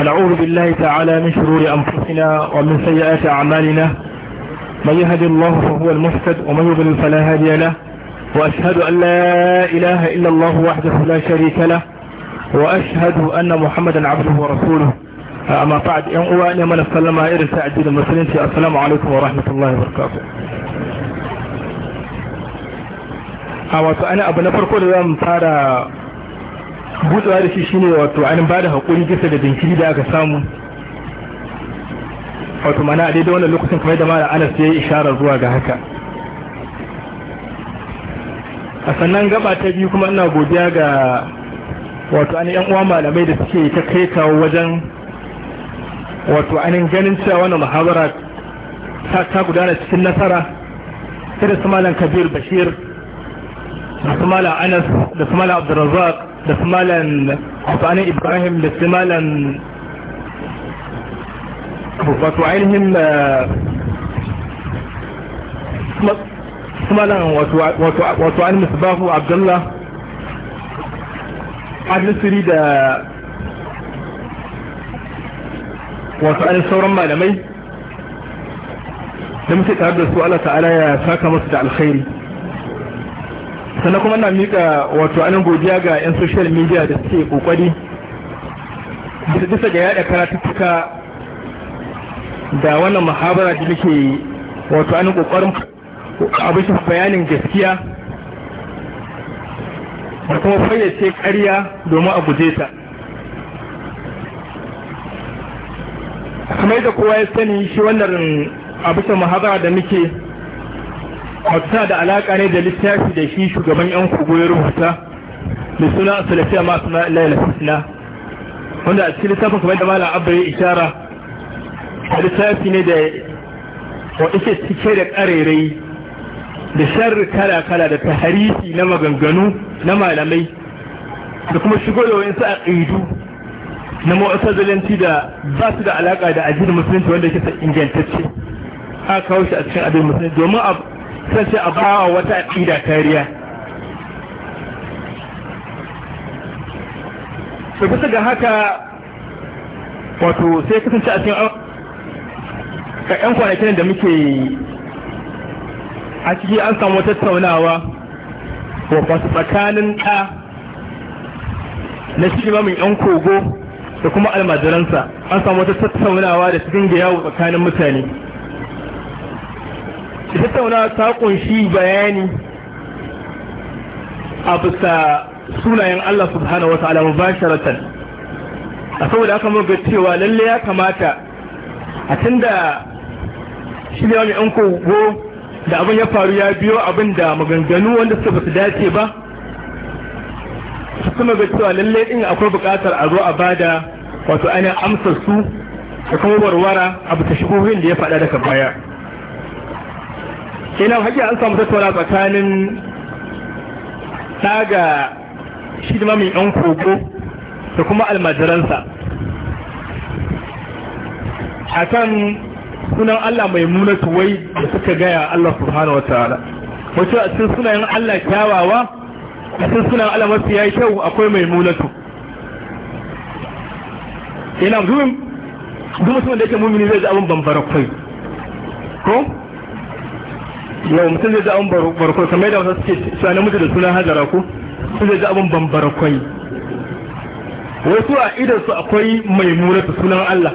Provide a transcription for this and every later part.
ونعوذ بالله تعالى من شرور أنفسنا ومن سيئات أعمالنا من يهد الله فهو المحسد ومن يضلل فلا هادي له وأشهد أن لا إله إلا الله وحده لا شريك له وأشهد أن محمدا عبده ورسوله أما بعد أن أوان من السلام إرسى الدين المسلمين السلام عليكم ورحمة الله وبركاته أما wato أبن فرقل لم ترى gutsuwa da shi shine wato ainihin ba da haƙuri gisa da jinkiri da aka samu wato mana a daidai wannan lokacin kamar da mara anas ya yi isharar zuwa ga haka a sannan gaba ta biyu kuma ina godiya ga wato ainihin yan uwa malamai da suke ta kai kawo wajen wato anin ganin cewa wannan muhawara ta ta gudana cikin nasara sai da su malam kabir bashir da su malam anas da su malam abdurrazzaq da su malan hasanin ibrahim da su malan wato ainihin su malan wato ainihin musbahu abdullah adlisiri da wato ainihin sauran malamai da muke tare da su Allah ta'ala ya saka musu da alkhairi sannan kuma na mika wato anan godiya ga 'yan social media da suke kokari bisa bisa ga yada karatuttuka da wannan muhabara da muke wato anan kokarin abin bayanin gaskiya da kuma fayyace ƙarya domin a guje ta kamar da kowa ya sani shi wannan abin muhabara da muke mafita da alaƙa ne da littafi da shi shugaban yan kogoyar wata da suna salafiya masu na ilayi lafisna wanda a cikin littafin kamar da malam abba ya ishara littafi ne da wa ke cike da ƙarerai da sharri kala-kala da taharisi na maganganu na malamai da kuma shigo da wani a ƙaidu na ma'utazalanci da ba su da alaƙa da ajiyar musulunci wanda ke ingantacce a kawo shi a cikin abin musulunci domin sai a bawa wata aƙida kariya to bisa ga haka wato sai kasance a cikin ka yan kwanakin da muke a ciki an samu tattaunawa wa tsakanin ɗa na shi imamin yan kogo da kuma almajiransa an samu wata tattaunawa da cikin ga yawo tsakanin mutane tattauna ta kunshi bayani a bisa sunayen Allah subhanahu wata'ala mubasharatan a saboda aka muka cewa lalle ya kamata a tunda shi ne wani da abin ya faru ya biyo abin da maganganu wanda suka basu dace ba kuma ga cewa lalle din akwai bukatar a zo a bada wato ainihin amsar su da kuma warwara abu ta shigohin da ya faɗa daga baya kenan haƙi an samu tattauna tsakanin ɗaga shi da mamin yan kogo da kuma almajiransa a kan sunan Allah mai munatu wai da suka gaya Allah subhanahu wa ta'ala wace a cikin sunayen Allah kyawawa a cikin sunan Allah mafi ya yi kyau akwai mai munatu ina zuwa mutumin da yake mumini zai ji abin bambara kai ko yau mutum zai ji abin barkwai kamar yadda wasu suke cewa namiji da sunan hajara ko su zai ji abin bambarakwai wasu a idan su akwai mai mura da sunan Allah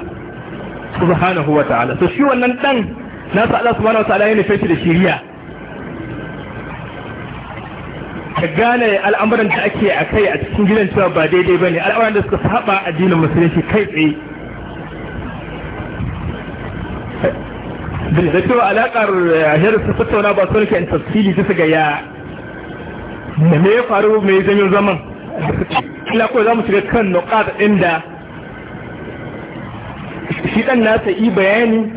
subhanahu wa ta'ala to shi wannan dan nasa Allah subhanahu wa ta'ala ya nufe shi da shiriya ka gane al'amuran da ake a kai a cikin gidan cewa ba daidai ba ne al'amuran da suka saba addinin musulunci kai tsaye da cewa alaƙar eh, hirar su tattauna ba su rike tafsiri bisa ga ya da me ya faru mai zanyo zaman ila kawai za mu shiga kan nukat ɗin shi ɗan nasa yi bayani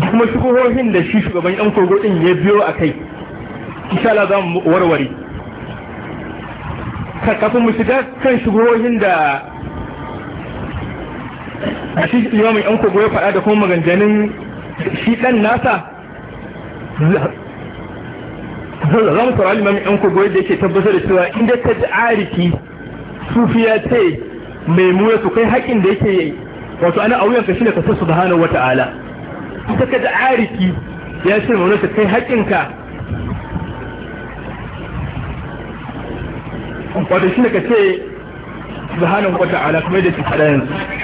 da kuma shugabohin da shi shugaban yan kogo ɗin ya biyo a kai insha Allah za mu warware kafin mu shiga kan shugabohin da a shi imamin yan kogo ya faɗa da kuma maganganun shi ɗan nasa za mu saurari mamin yan kogo yadda yake tabbatar da cewa inda ta ji ariki sufiya ce mai muya su kai haƙin da yake yi wato ana auyan ka shine ka sa subhanahu wata'ala ita ka ji ariki ya ce mai kai haƙin ka wato shine ka ce subhanahu wata'ala kuma yadda ta faɗa yanzu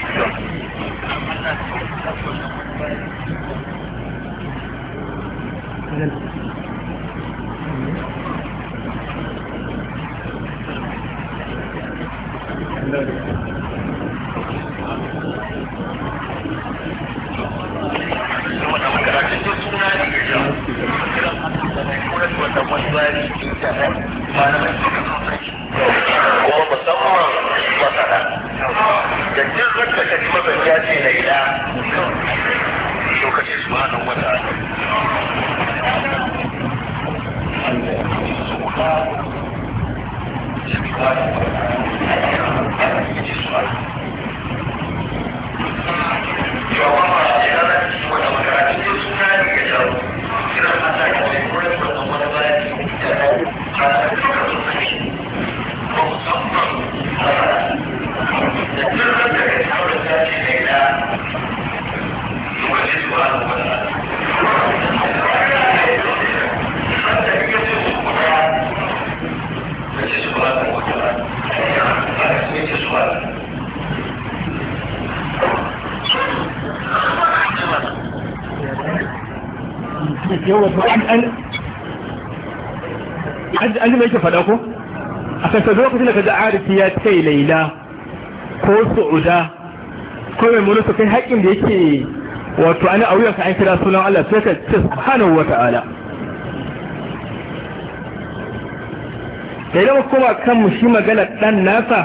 yake faɗa ko a kasar lokacin da ka ji arifi ya ce laila ko su'uda ko mai mulki kai haƙƙin da yake wato ana auyan ka an kira sunan Allah sai ka ce subhanahu wata'ala da idan kuma kan mu shi magana dan nasa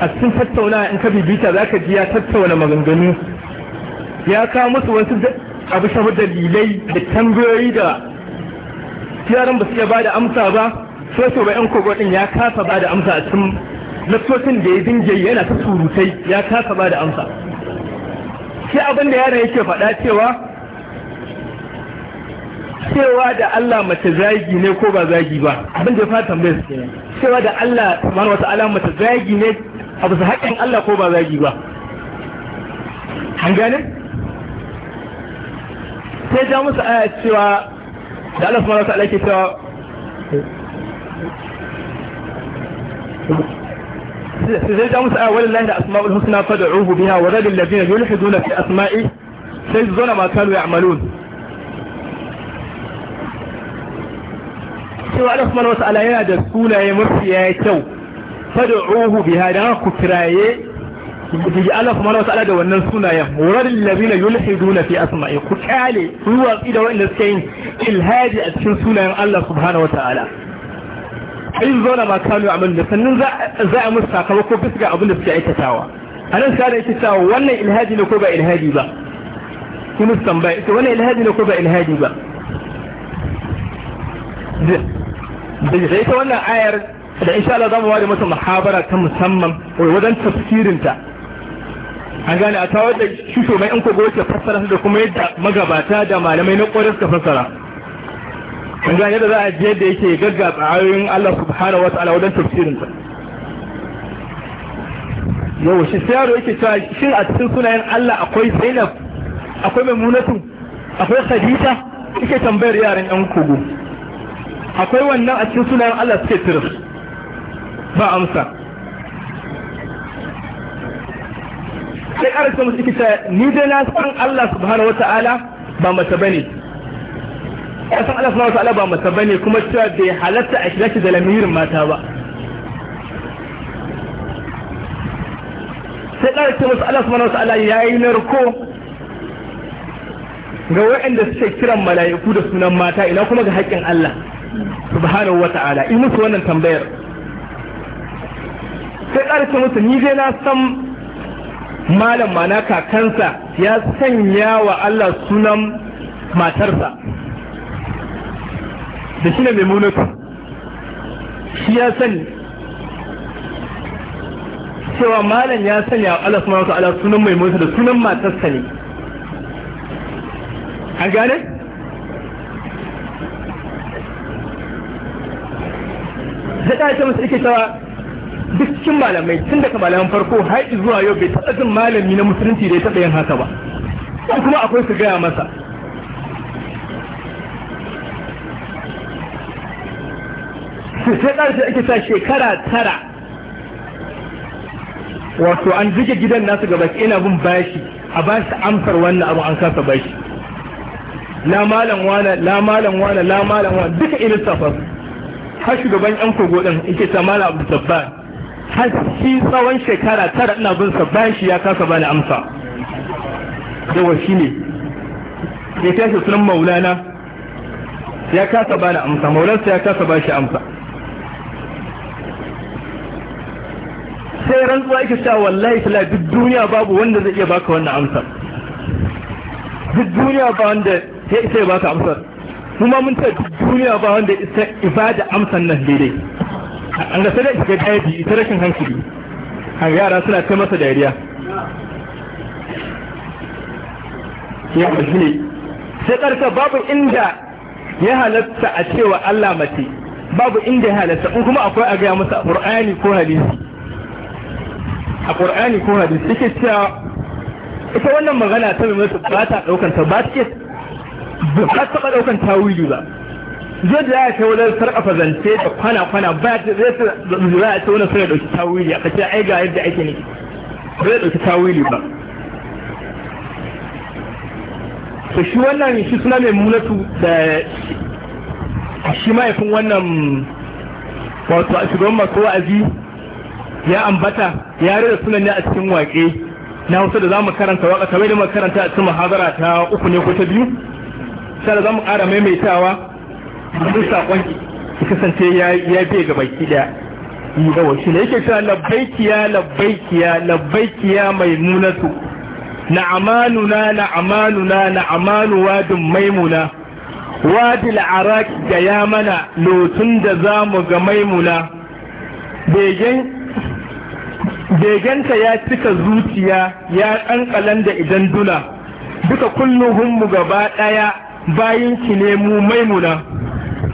a cikin tattauna in ka bibita zaka ji ya tattauna maganganu ya kawo musu wasu abu shafi dalilai da tambayoyi da yaran ba su iya ba da amsa ba soso ba yan kogo din ya kasa ba da amsa a cikin lafsosin da ya dinge yana ta surutai ya kasa ba da amsa sai abin da yaron yake faɗa cewa cewa da Allah mace zagi ne ko ba zagi ba abin da ya fata tambayar su kenan cewa da Allah subhanahu wata'ala mace zagi ne a bisa haƙƙin Allah ko ba zagi ba an gane sai ja musu aya cewa da Allah subhanahu wata'ala ke cewa sai ja musu ayawar lahi da asma'ul husna fad'uhu biha wa radil ladina na fi asma'i sai su zo na ma kanu ya'malun cewa Allah subhanahu wata'ala yana da sunaye mafiya kyau fad'uhu biya da ku kiraye Jiji Allah kuma na wata'ala da wannan sunayen, wurin labina na fi asma'i ku kyale, ku yi watsi da waɗanda suke yin ilhaji a cikin sunayen Allah subhanahu ta'ala. ayin zauna ba kanu amal da sannan za a musu sakamako bisa ga abin da suke aikatawa a nan sa da yake cewa wannan ilhaji ne ko ba ilhaji ba kuma su tambaya ita wannan ilhaji ne ko ba ilhaji ba da ita wannan ayar da insha Allah za mu ware masa muhabara ta musamman wajen tafsirinta an gane a tawar da shusho mai an kogo wacce fassara da kuma yadda magabata da malamai na ƙwarar suka fassara kun ga yadda za a je da yake gaggatsa ayoyin Allah subhanahu wa ta'ala wajen tafsirin sa yau shi sai yaro yake cewa shin a cikin sunayen Allah akwai Zainab akwai Maimunatu akwai Khadija yake tambayar yaran yan kogo akwai wannan a cikin sunayen Allah suke tiris ba amsa sai ƙarasa musu ikita ni dai na san Allah subhanahu wa ta'ala ba mace bane san Allah subhanahu wataala ba masa bane kuma cewa bai halatta a shiga da lamirin mata ba sai ƙara ce musu Allah subhanahu wataala yayi narko ga waɗanda suke kiran mala'iku da sunan mata ina kuma ga haƙƙin Allah subhanahu wataala in musu wannan tambayar sai ƙara ce musu ni dai na san malam na kakansa ya sanya wa Allah sunan matarsa da shi ne mai munafi shi ya sani cewa malam ya sani a Allah suna wa ta'ala sunan mai munafi da sunan matarsa ne an gane da ta ce masa ike cewa duk cikin malamai tun daga malaman farko har zuwa yau bai taɓa jin malami na musulunci da ya taɓa yin haka ba kuma akwai su gaya masa sai ɗansa ake sa shekara tara wato an jike gidan nasu gaba ina bin bashi a ba su amsar wannan abu an kasa bashi la malam wana la malam wana la malam wana duka irin safar har shugaban yan kogo din yake ta malam abu sabba har shi tsawon shekara tara ina bin sa bashi ya kasa bani amsa yawa shi ne ya kasa sunan maulana ya kasa bani amsa maulansa ya kasa bashi amsa sai rantsuwa yake cewa wallahi tala duk duniya babu wanda zai iya baka wannan amsar duk duniya ba wanda ya isa ya baka amsar kuma mun ce duk duniya ba wanda isa ibada amsar nan daidai an ga sai da shiga daji ita rashin hankali a yara suna kai masa dariya ya shi ne sai karka babu inda ya halatta a cewa Allah mace babu inda ya halatta in kuma akwai a gaya masa Qur'ani ko hadisi a ƙur'ani ko hadis suke cewa ita wannan magana ta mai mutu ba ta ɗaukan ta ba ta ba ta taɓa ɗaukan wuyu ba zai da ya ce wajen sarƙafa zance da kwana-kwana ba ya zai zura a ce wani suna ɗauki wuyu a kace ai ga yadda ake ne ba zai ɗauki wuyu ba to shi wannan shi suna mai munatu da shi mahaifin wannan wato a shugaban masu wa'azi ya ambata ya rera sunan ne a cikin waƙe na hausa da za mu karanta waƙa kamar da mu karanta a cikin muhazara ta uku ne ko ta biyu sai za mu ƙara maimaitawa duk saƙon ki kasance ya ya bi ga baki da yi ga wasu ne yake cewa labbaikiya na labbaikiya maimunatu na'amanuna na na'amanu wadin maimuna wadi al'arak da ya mana lotun da za mu ga maimuna begen gegenta ya cika zuciya ya kankalan da idan duna duka kulluhunmu gaba ɗaya bayan ki ne mu maimuna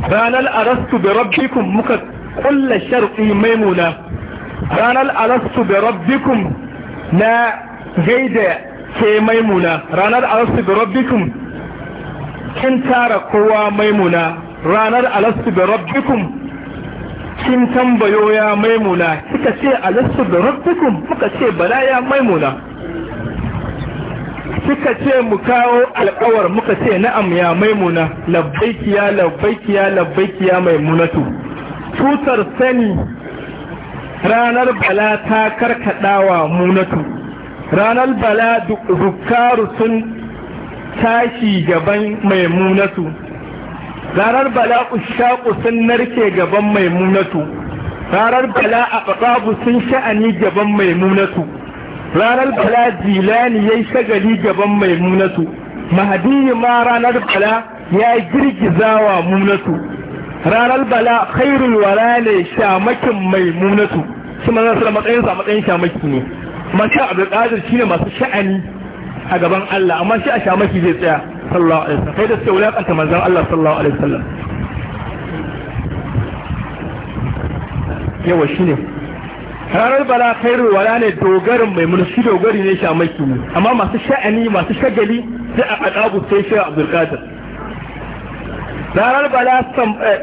ranar arastu bi rabbikum muka kulla sharɗi maimuna ranar arastu bi rabbikum na gaida ke maimuna ranar arastu bi rabbikum kin tara kowa maimuna ranar arastu bi rabbikum sun tambayo ya maimuna suka ce a lasu da rabbikum muka ce bala ya maimuna suka ce mu kawo alkawar muka ce na'am ya maimuna labbaiki ya labbaiki ya labbaiki ya maimunatu tutar sani ranar bala ta karkadawa munatu ranar bala dukkaru sun tashi gaban maimunatu ranar bala'u shaƙu sun narke gaban maimunatu ranar bala a ɓaɓaɓu sun sha'ani gaban maimunatu ranar bala zilani ya yi shagali gaban maimunatu mahadiyi ma ranar bala ya girgizawa munatu ranar bala khairul wala ne shamakin maimunatu shi manzan sura matsayin sa matsayin shamaki ne shine masu sha'ani a gaban Allah amma shi a shamaki zai tsaya sallallahu kai da suke wulakanta Allah sallallahu alaihi wasallam yawa bala khairu wala ne dogarin mai mulki dogari ne shi a maki amma masu sha'ani masu shagali sai a adabu sai shi a Qadir ranar bala eh,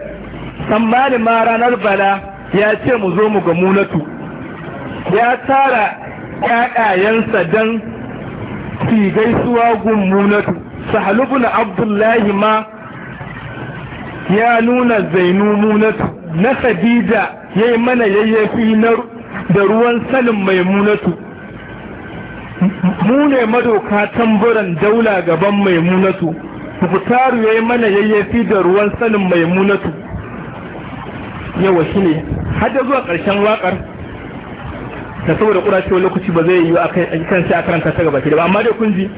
sammani ma ranar bala ya ce mu zo mu ga munatu ya tara ƙaƙayensa dan su gaisuwa gun munatu sahalubun abdullahi ma ya nuna zainu munatu na sadida ya yi mana yayyafi da ruwan salin mai munatu mu ne madoka tamburan daula gaban mai munatu muktaru ya yi mana yayyafi da ruwan salin mai munatu yawa shi ne hajji zuwa ƙarshen waƙar da saboda ƙura cewa lokaci ba zai yi a kan shi a karanta ta gaba ke da ba amma dai kun ji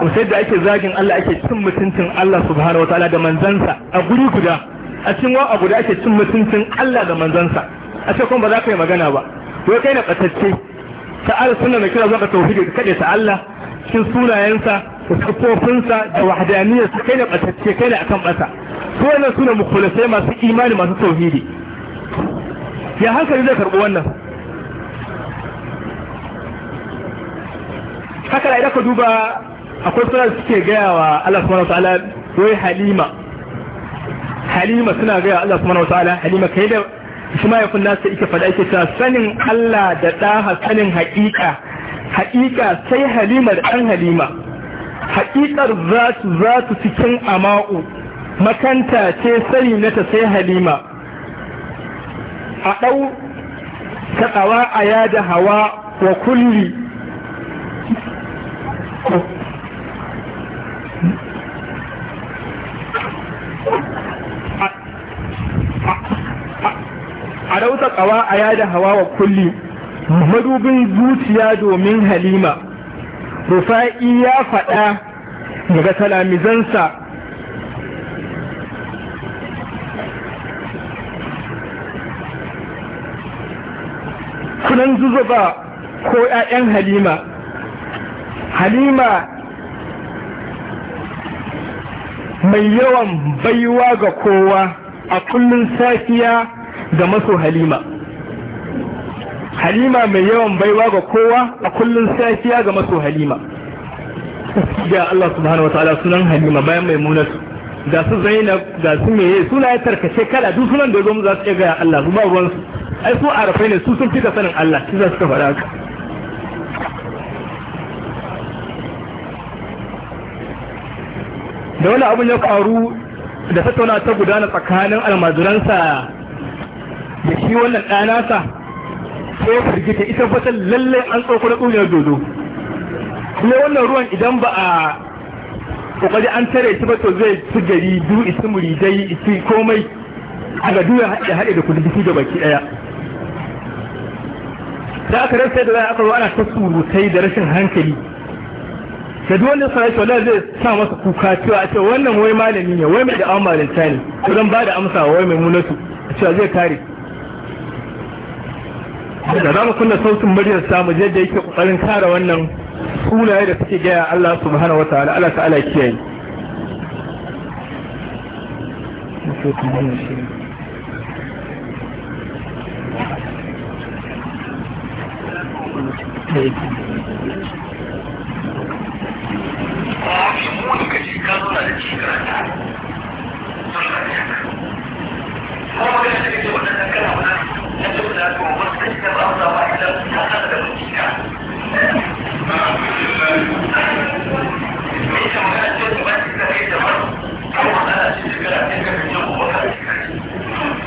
to sai da ake zagin Allah ake cin mutuncin Allah subhanahu ta'ala da manzansa a guri guda a cikin wa a guda ake cin mutuncin Allah da manzansa a ce kuma ba za ka yi magana ba to kai na katacce ta sunna mai kira zuwa ga tauhidi ka kade ta Allah cikin sunayensa da sifofinsa da wahdaniyar su kai na katacce kai na akan bata to wannan sune mukhlasai masu imani masu tauhidi ya hankali zai karbi wannan haka da idan ka duba akwai suna suke gaya wa Allah subhanahu wa ta'ala wai halima halima suna gaya wa Allah subhanahu wa ta'ala halima kai da shi ma yakun nasu ike fada ike ta sanin Allah da ɗa sanin haƙiƙa haƙiƙa sai halima da ɗan halima haƙiƙar zatu zatu cikin ama'u makanta ce sani na ta sai halima a ɗau ta ɗawa a yada hawa wa kulli a rauta kawa a yada hawa wa kulli madubin zuciya domin halima rufa'i ya faɗa daga talamizansa kunan zuzuba ko 'ya'yan halima halima mai yawan baiwa ga kowa a kullum safiya ga maso halima halima mai yawan baiwa ga kowa a kullum safiya ga maso halima ga Allah subhanahu wa ta'ala sunan halima bayan mai su, ga su zainab ga su meye suna ya tarkace kala duk sunan da zo mu za su iya gaya Allah su ba su ai su arafai ne su sun fita sanin Allah su za su ka faɗa haka da wani abin ya faru da tattauna ta gudana tsakanin almajiransa da shi wannan ɗanasa ko firgita ita fata lallai an tsoko na ƙungiyar dodo kuma wannan ruwan idan ba a kokari an tare ta ba to zai ci gari du isi muridai isi komai a ga duya haɗe haɗe da kudi da baki ɗaya da aka rasa da a zo ana ta surutai da rashin hankali da dole sa yake zai sa masa kuka cewa a ce wannan wai malami ne wai mai da an malinta ne to dan ba da amsa wai mai munatu cewa zai kare da za mu kunna sautin muryar samu da yake kokarin kare wannan sunaye da suke gaya Allah subhanahu wataala Allah ta'ala kiyaye Thank you. wani kashi ka zauna da shi karanta suna da yaka kuma magana da kake waɗannan kana wani na a da ko wasu kashi ba su zama idan da mutum ka me yasa magana ce da ba su ka kai magana da kana kai ka kai yau ba ka kai ka kai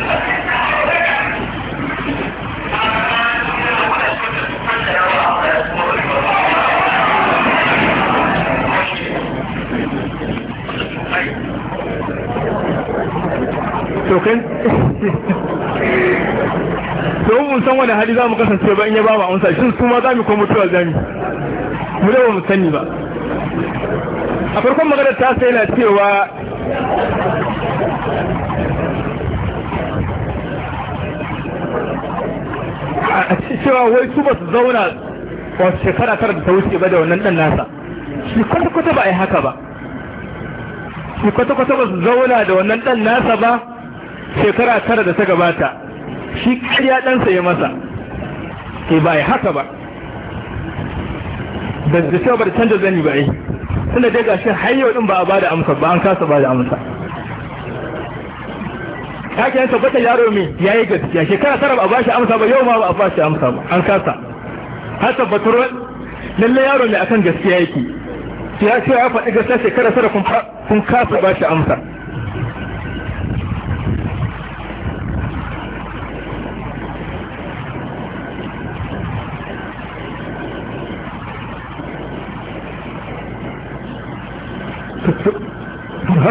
Thank you. to kai to mun san wani hali za mu kasance ba in ya ba mu amsa shin su ma za mu ko mutuwa za mu mu da ba mu sani ba a farkon magana ta sai na cewa a cewa wai su ba su zauna wasu shekara tara da ta wuce ba da wannan dan nasa shi kwata-kwata ba a yi haka ba shi kwata-kwata ba su zauna da wannan dan nasa ba shekara tara da ta gabata shi karya ɗansa ya masa ke eh, ba ya haka ba da da cewa ba canza zani ba yi suna dai ga shi har ɗin ba a bada amsa ba an kasa bada amsa ke yansa bata yaro me yayi gaskiya shekara tara ba a ba shi amsa ba yau ma ba a ba shi amsa ba an kasa har tabbatar lalle yaro mai akan gaskiya yake ya ce ya faɗi gaskiya shekara tara kun kasa ba shi amsa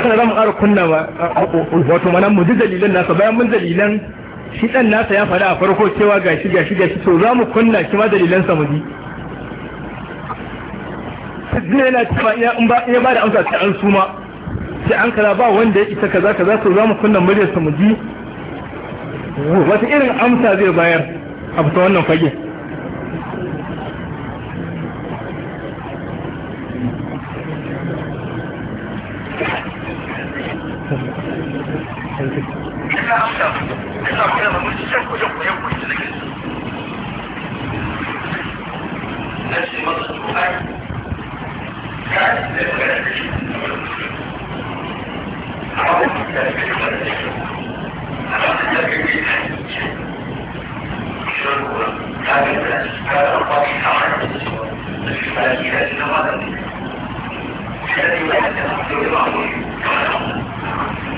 sannan za mu ƙara kunna wato mana mu ji dalilan nasa bayan mun dalilan shi ɗan nasa ya faɗa a farko cewa gashi gashi gashi to za mu kunna shi ma sa mu ji zai yana cewa ya ba da amsa ta an suma sai an kaza ba wanda ya isa kaza kaza to za mu kunna sa mu ji wata irin amsa zai bayar a fita wannan fage na amsa ya sa kuna mamun can ku jan ku yan ku na gina na ce masa tuwa ka yi da magana da shi a wani da ya kai wani da shi a wani da ya kai wani da shi shirin kuwa ta ga da shi ta ga ba shi a wani da shi da shi ta yi da shi na magana da shi da shi da shi da shi da shi da shi da shi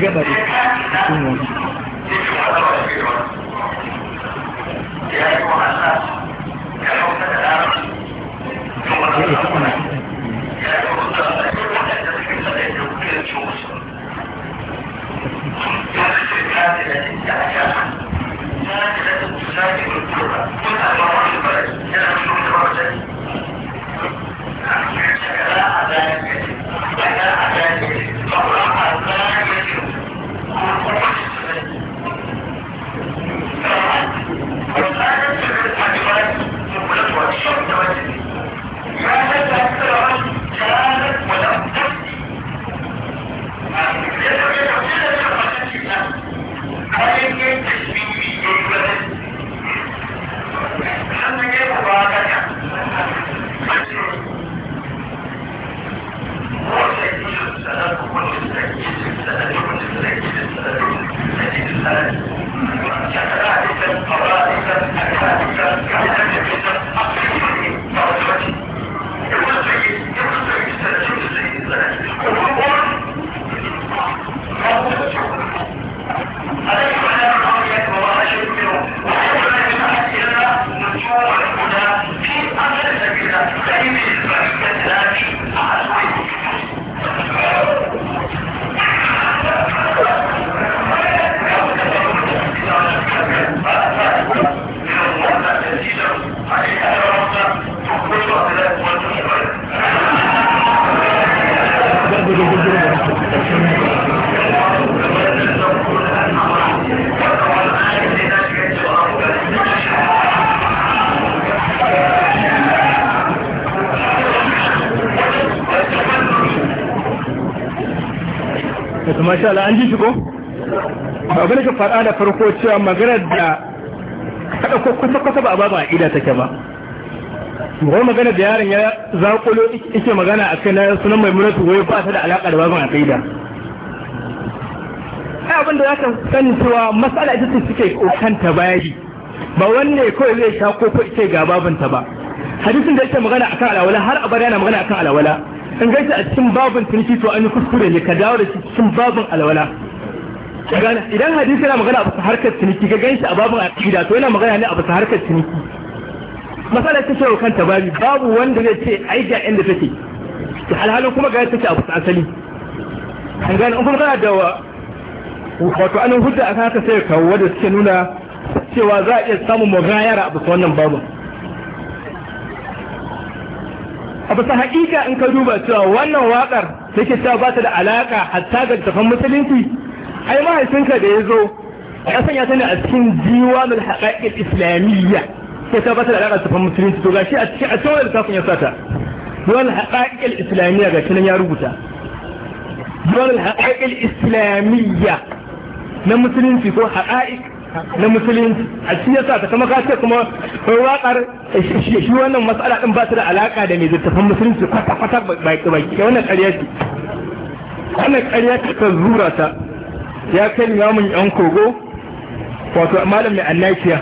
gaba da cikin farko cewa maganar da kada ko kusa kusa ba a ba ba ida take ba wai magana da yaron ya zaƙulo ike magana a kai na sunan mai muratu wai ba ta da alaƙa da babin aqida ai abinda ya kan sani cewa masala ita ce suke ta bayani ba wanne kawai zai sha ko ko ce ga ta ba hadisin da yake magana akan alawala har abada yana magana akan alawala in gaisa a cikin babin tunki to an yi kuskure ne ka dawo da cikin babin alawala idan hadisi yana magana a bisa harkar ciniki ga ganshi a babin aqida to yana magana ne a bisa harkar ciniki masala ta shehu kanta babi babu wanda zai ce ai ga inda take ta alhalin kuma ga take a bisa asali an gane in kuma kana da wato anan hujja a haka sai ka da suke nuna cewa za a iya samun magayar a bisa wannan babu a bisa haƙiƙa in ka duba cewa wannan waƙar take cewa ba ta da alaƙa hatta ga tafan musulunci ai mahaifinka da ya zo ya sanya ta ne a cikin jiwanul haƙaƙin islamiyya sai ta bata da alaƙar tafan musulunci to gashi a cikin a cikin wani littafin ya sata jiwanul haƙaƙin islamiyya gashi nan ya rubuta jiwanul haƙaƙin islamiyya na musulunci ko haƙaƙin na musulunci a cikin ya sata kama ka ce kuma kai waƙar shi wannan matsala ɗin ba ta da alaƙa da mai littafin musulunci kwata-kwata baki wannan ƙarya ce wannan ƙarya ta zura ta ya kai limamin yan kogo wato malam mai annakiya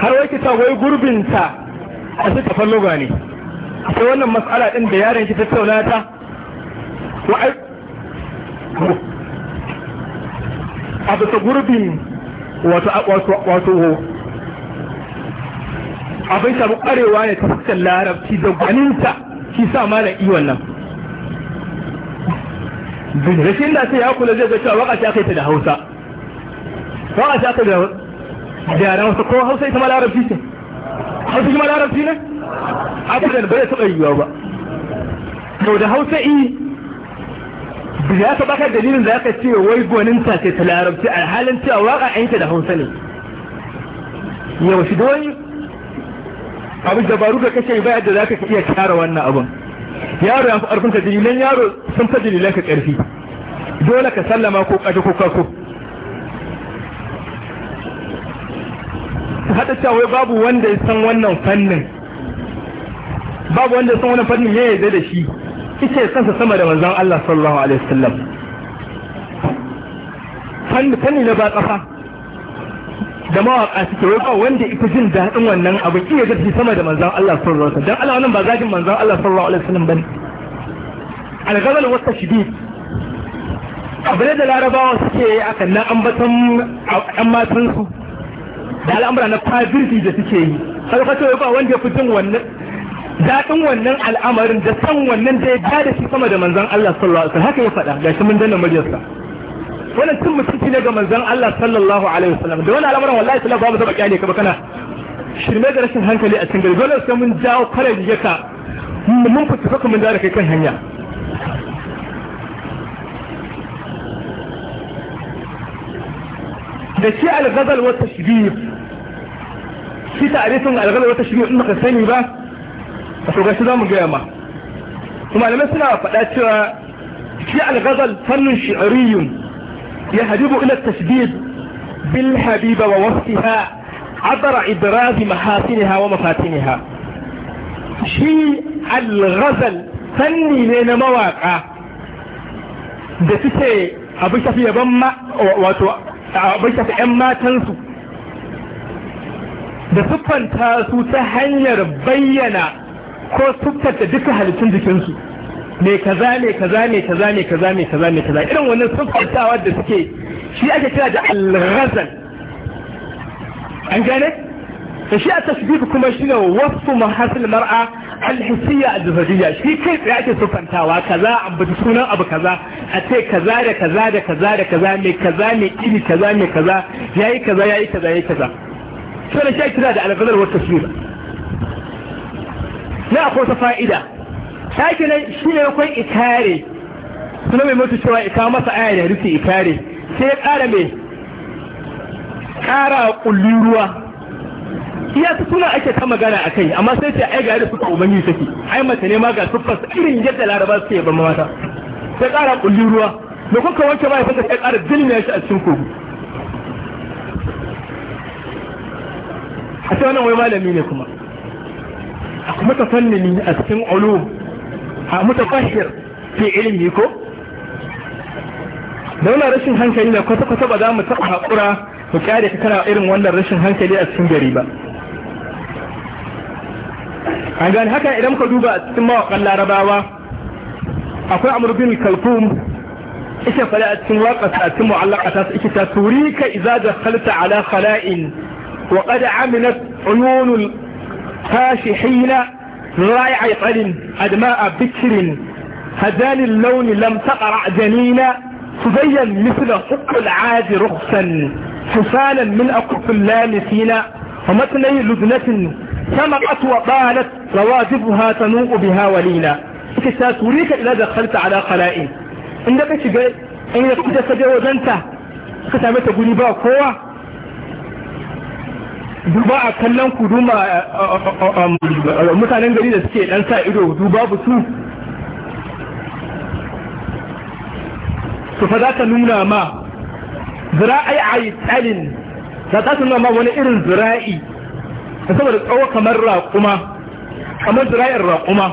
har wai ta wai gurbinta a suka loga ne sai wannan matsala ɗin da yaren ki tattauna ta a bisa gurbin wato abin samu ƙwarewa ne ta fuskar larabci da ganinta shi sa malam i wannan rashin da sai ya kula zai ga cewa waka ta yi ta da hausa waka ta kai da yaran wasu ko hausa ita ma larabci ce hausa ita larabci ne abudan bai taɓa yiwuwa ba to da hausa i ya ka baka dalilin da aka ce wai gwaninta ce ta larabci a halin cewa waka yanke da hausa ne yaushe da wani abin dabaru da kashe ba yadda za ka iya kyara wannan abin yaro ya fi ƙarfin ka dalilan yaro sun fi dalilan ka ƙarfi dole ka sallama ko ƙaji ko kako haɗa cewa babu wanda ya san wannan fannin babu wanda ya san wannan fannin ya yarda da shi ita ya sansa sama da manzon Allah sallallahu alaihi wasallam fannin na ba kafa da mawaka suke wai ba wanda ita jin daɗin wannan abu iya zafi sama da manzan Allah sallallahu alaihi wasallam dan Allah wannan ba zagin manzan Allah sallallahu alaihi wasallam bane al-ghazal wa tashdid abin da larabawa suke yi a kan ambatan ɗan matan su da al'amura na fajirki da suke yi sai ka ce ba wanda ya fi jin wannan daɗin wannan al'amarin da san wannan da ya shi sama da manzan Allah sallallahu alaihi wasallam haka ya faɗa gashi mun danna muryarsa wannan cin mutunci ne ga manzon Allah sallallahu alaihi wasallam da wannan al'amuran wallahi sallallahu babu zaba kyale ka ba kana shirme da rashin hankali a cikin gari dole sai mun jawo kare jiyaka mun fita ka mun da kai kan hanya da shi al-ghazal wa tashbih shi ta'rifin al-ghazal wa tashbih in ka sani ba a to gashi zamu ga ma kuma malamai suna faɗa cewa shi al-ghazal fannun shi'riyun يهدب الى التشديد بالحبيبة ووصفها عبر ادراز محاسنها ومفاتنها شيء الغزل فني لنا مواقع ده تسي ابيش في ابما ابيش في اما تنسو ده سبحان تاسو تهنير بينا كو سبحان تدك هل mai kaza mai kaza mai kaza mai kaza mai kaza mai kaza irin wannan siffantawa da suke shi ake kira da al-ghazal an gane to shi a tasbihu kuma shi ne wasu mahasil mar'a al alhisiya al-jazadiyya shi kai tsaye ake siffantawa kaza an bi sunan abu kaza a ce kaza da kaza da kaza da kaza mai kaza mai iri kaza mai kaza yayi kaza yayi kaza yayi kaza to da shi ake kira da al-ghazal wa tasbih na akwai fa'ida shaki nan shi ne kwan ikare suna mai mutu cewa ika masa aya da rufe ikare sai ya ƙara mai kara ƙullin ruwa iya su suna ake ta magana a kai amma sai ce ai ga da suka umarni saki ai mace ne ma ga tuffas irin yadda laraba suke yaban mata sai kara ƙullin ruwa da kuka wanke ba ya fanta sai ƙara dilmiya shi a cikin kogo a sai wannan wai malami ne kuma a kuma ta fanni a cikin ulum a mutafashir fi ilimi ko da rashin hankali da kwata-kwata ba za mu taɓa haƙura mu kyare ka kana irin wannan rashin hankali a cikin gari ba an gani haka idan ka duba a cikin mawaƙan larabawa akwai amur bin kalkum ita fara a cikin waƙasa a cikin mu'allaka ta su ikita turika iza da khalta ala khala'in wa qad aminat uyunul fashihina رائع عطل أدماء بكر هذان اللون لم تقرع جنينا تبين مثل حق العاد رخصا حسانا من أقف اللامسين ومثني لدنة سمقت وطالت رواجبها تنوء بها ولينا ستريك إذا دخلت على قلائل عندك شجاء إن كنت سجاء وزنت كتابة قولي بقى duba a kallon ku duma um, mutanen gari da suke dan sa ido duba bu su fa za ta nuna ma zira'ai a yi tsalin za ta nuna ma wani irin zira'i da saboda tsawo kamar raƙuma kamar zira'in raƙuma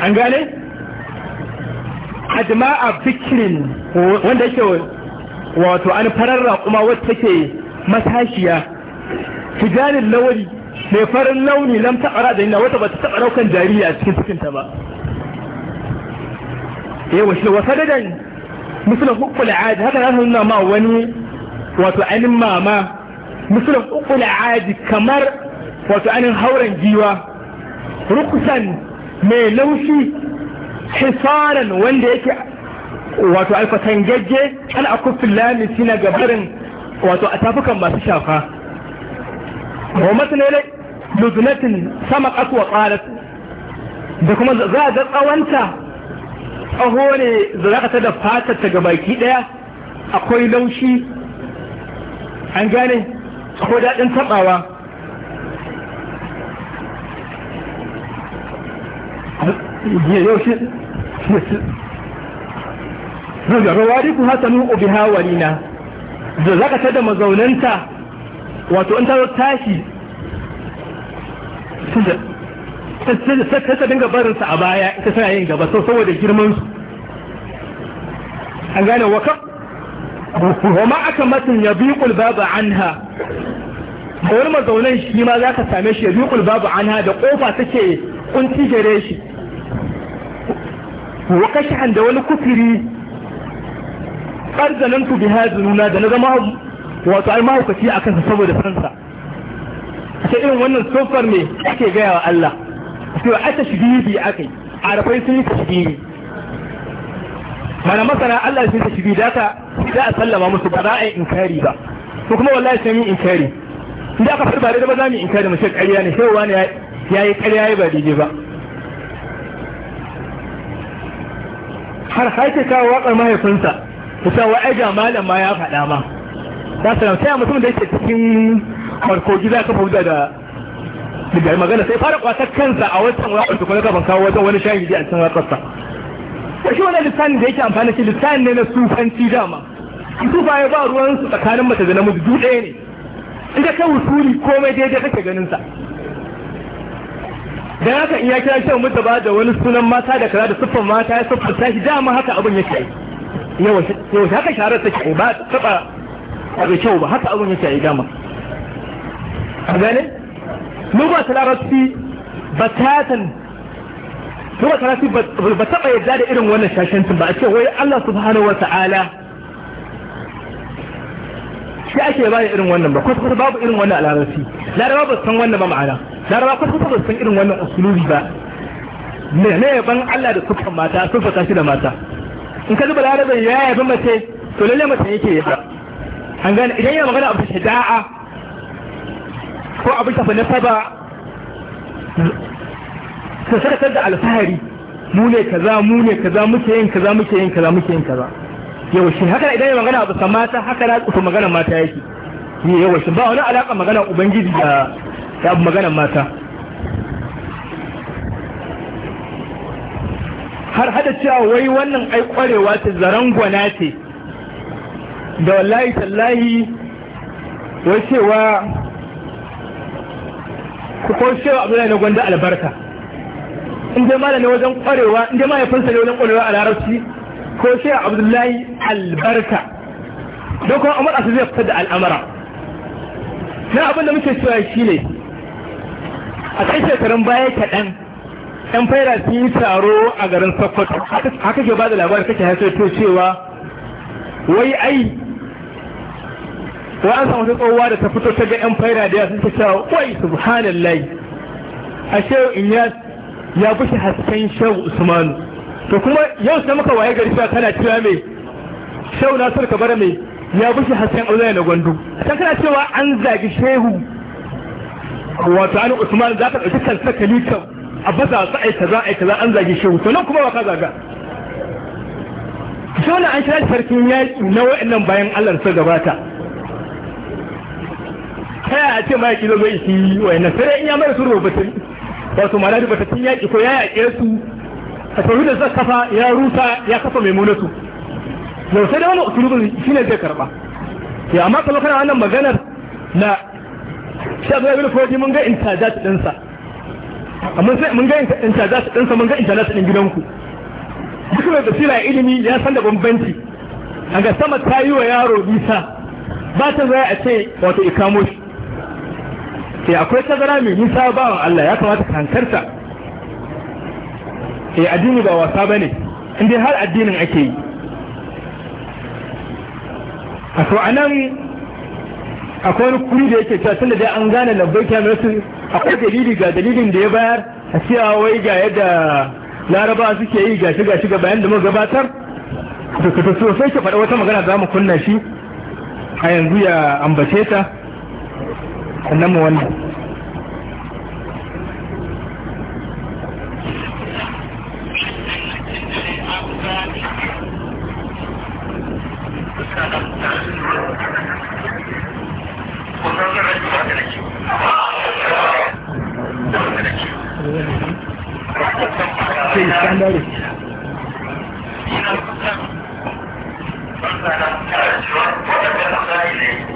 an gane? A fikirin wanda yake wato an farar raƙuma wacce take matashiya hijalin lawali mai farin launi lam ta ƙara da ina wata ba ta taɓa ɗaukan jariya a cikin cikinta ba wasu shi wasu dadan musulun hukula aji haka na su nuna ma wani wato ainihin mama musulun hukula aji kamar wato ainihin hauren giwa rukusan mai laushi hisaran wanda yake wato alfatangagge ana akufin lamisi na gabarin wato a tafukan masu shafa gomatin ne ludunatin sama kasuwa ƙarar da kuma za a ga tsaho ne da za ka ta da fatar ta gabaki ɗaya akwai laushi an gane ko daɗin taɓawa rawari ku hasa da za ka ta da mazaunanta wato in ta zo tashi ta dinga barinsa a baya ita tana yin gaba sau saboda girman su an gane waka wama aka matin ya bi kulbaba anha wani mazaunan shi ma za ka same shi ya bi kulbaba anha da kofa take kunci gare shi waka shahan da wani kufiri ƙarzananku bi hazununa da na zama wato ai mahaukaci a kansa saboda sansa sai irin wannan sofar ne ake gaya wa Allah sai wa aka shigiri aka yi arafai sun yi tashigiri mana masana Allah sun tashigiri da za a sallama musu ba za a yi inkari ba ko kuma wallahi sun yi inkari Da aka fi bare da ba za mu yi inkari mu sai ƙarya ne sai ne ya yi ƙarya ya ba daidai ba har haike kawo waƙar mahaifinsa ta sa wa'aja malam ma ya faɗa ma za salama sai a mutum da yake cikin harkoki za ka fahimta da da magana sai fara kwasa kansa a wancan wakon tukuna kafin kawo wajen wani shayin a cikin wakonsa ko shi wani lissanin da yake amfani shi lissani ne na sufanci dama sufa ya ba ruwan su tsakanin mace da namiji du ɗaya ne in ka kai usuli komai daidai kake ganin sa da haka in ya kira shi mutu ba da wani sunan mata da kaza da siffar mata ya siffar ta shi dama haka abin yake yi yawan haka shaharar take ba taba a ga kyau ba haka abin yake a dama a gane lugha ta larabci batatan lugha ta larabci ba taɓa yadda da irin wannan shashancin ba a ce wai Allah subhanahu wa ta'ala shi ake ba da irin wannan ba kwata kwata babu irin wannan a larabci laraba ba san wannan ba ma'ana laraba kwata kwata ba san irin wannan usulubi ba ne ne ban Allah da sukan mata sun fata shi da mata in ka zuba larabar ya yabi mace to lalle mace yake yaba an gane idan yana magana abu shaja'a ko abu tafi na saba ka sarkar da alfahari mu ne za mu ne za muke yin ka za muke yin ka za muke yin ka yau shi haka idan yana magana abu kamata haka na tsufa magana mata yake yi yau shi ba wani alaƙa magana ubangiji da abu magana mata har hada cewa wai wannan ai kwarewa ta zarangwana ce da wallahi tallahi wai cewa ku ko cewa abu na gwanda albarka in dai ne wajen kwarewa in dai fansa ne wajen kwarewa a larabci ko cewa abdullahi albarka don kuma amur asu zai fita da al'amara na abin da muke cewa shi ne a kai shekarun baya kaɗan yan faira sun yi taro a garin sokoto haka ke ba da labarin kake haifar to cewa wai ai wa an samu tsohuwa da ta fito ta ga yan faira da sun ta cewa wai subhanallahi a shehu inyas ya bushe hasken shehu usmanu to kuma yau sai muka waye gari cewa kana cewa mai shehu na sarka bar mai ya bushe hasken aulaya na gwandu can kana cewa an zagi shehu wato an usman za ka ɗauki kansa kalikan a baza su aika za aika za an zagi shehu to nan kuma ba ka zaga shi an kira sarkin yaƙi na wa'annan bayan allah su gabata ta a ce ma yaƙi zai shi wayannan sai dai in ya mai su rubatun wato ma'ana rubatattun yaƙi ko ya yaƙe su a tauri da zai kafa ya rusa ya kafa mai munatu yau sai dai wani usulubin shi ne zai karɓa ya amma kalo kana wannan maganar na sha zuwa ibn fodi mun ga intajat ɗinsa amma sai mun ga intajat ɗinsa mun ga intajat ɗin gidanku duk mai basira ilimi ya san da bambanci a ga sama ta yi wa yaro bisa ba ta zai a ce wato ikamo shi sai akwai tazara mai nisa wa Allah ya kamata ka hankarta sai eh, addini ba wasa ba ne inda har addinin ake yi a to a nan akwai wani kuri da yake cewa tun da an gane labbai kyamarsu akwai dalili ga dalilin da ya bayar a cewa wai ga yadda laraba suke yi gashi shiga shiga bayan da mu gabatar da ka sosai ke faɗa wata magana za mu kunna shi a yanzu ya ambace ta sannan mu wannan Thank you.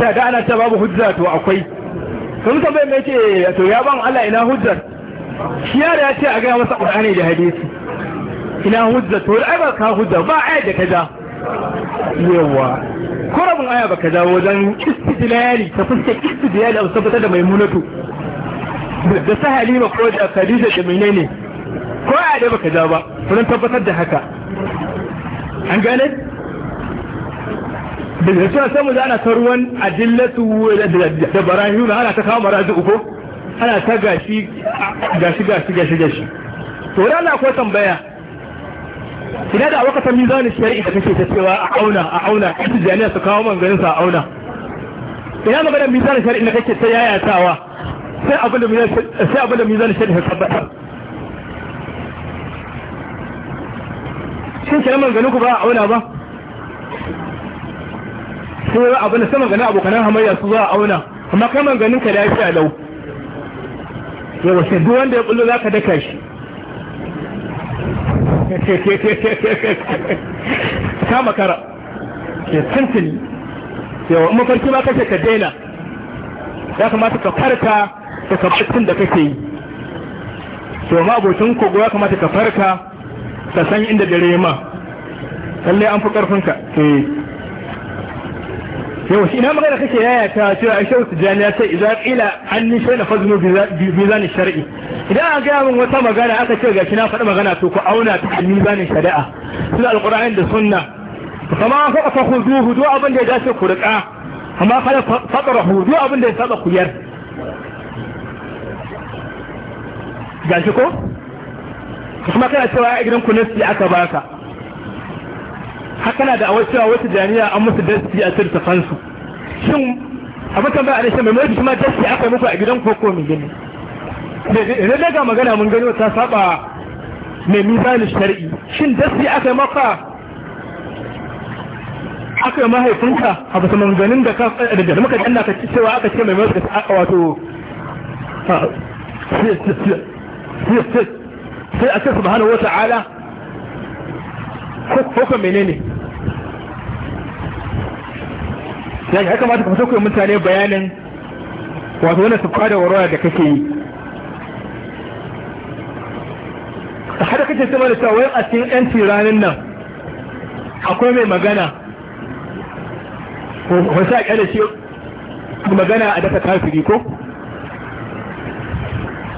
sai ga ana ta babu hujja to akwai sun tambaye mai ce to ya ban Allah ina hujjar shi yara ya ce a gaya masa qur'ani da hadisi ina hujja to ai ba ka hujja ba ai da kaza yawa ko rabin aya ba dawo wajen istidlali ta fuskar istidlali a tabbata da maimunatu da sa halima ko da khadija da menene ko aya da baka dawo ba wurin tabbatar da haka an gane daga cewa sai mu ana ta ruwan adillatu da barahiyuna ana ta kawo marazi uku ana ta gashi gashi gashi gashi gashi to wani na ko tambaya ina da awakatan mizanin shari'i da kake ta cewa a auna a auna ita jami'a su kawo man ganin sa a auna ina magana mizanin shari'i da kake ta yayatawa sai abinda mizanin shari'i ta tabbata shin kenan man ganin ku ba a auna ba ya abu da sama ganin abokanan hamayya su za a auna amma kai ganin ka lafiya lau ya shi duk wanda ya kullu za ka daka shi ka makara ke tuntuni yawa mafarki ma kace ka daina ya kamata ka farka da kabbacin da kake yi to ma abokin kogo ya kamata ka farka ka san inda dare ma lallai an fi karfinka eh yau shi ina magana kake yaya ta cewa a shehu tijjani ya ce idza qila anni shayna faznu bi mizan shar'i idan a ga min wata magana aka ce shi na faɗi magana to ku auna ta mizanin shari'a sun alqur'ani da sunna kama fa fa khuduhu hudu abin da ya dace ku riƙa amma kada fatrahu do abin da ya saba ku yar gashi ko kuma kana cewa a gidan ku nasi aka baka haka na da awar cewa wata jami'a an musu dasti a tafansu shin abin tambaya a rashin mai mulki kuma dasti aka muku a gidan koko mai gani da daga magana mun gani ta saba mai mizanin shari'i shin dasti aka maka aka mahaifinka a bisa manganin da da muka danna ka cewa aka ce mai mulki aka wato sai a ce subhanahu wa ta'ala ko menene Yaki aka kamata ka fito mutane bayanin wato wannan sufa da warwara da kake yi har kace sama da cewa a cikin yan tiranin nan akwai mai magana wasu a kyale shi magana a dafa kafiri ko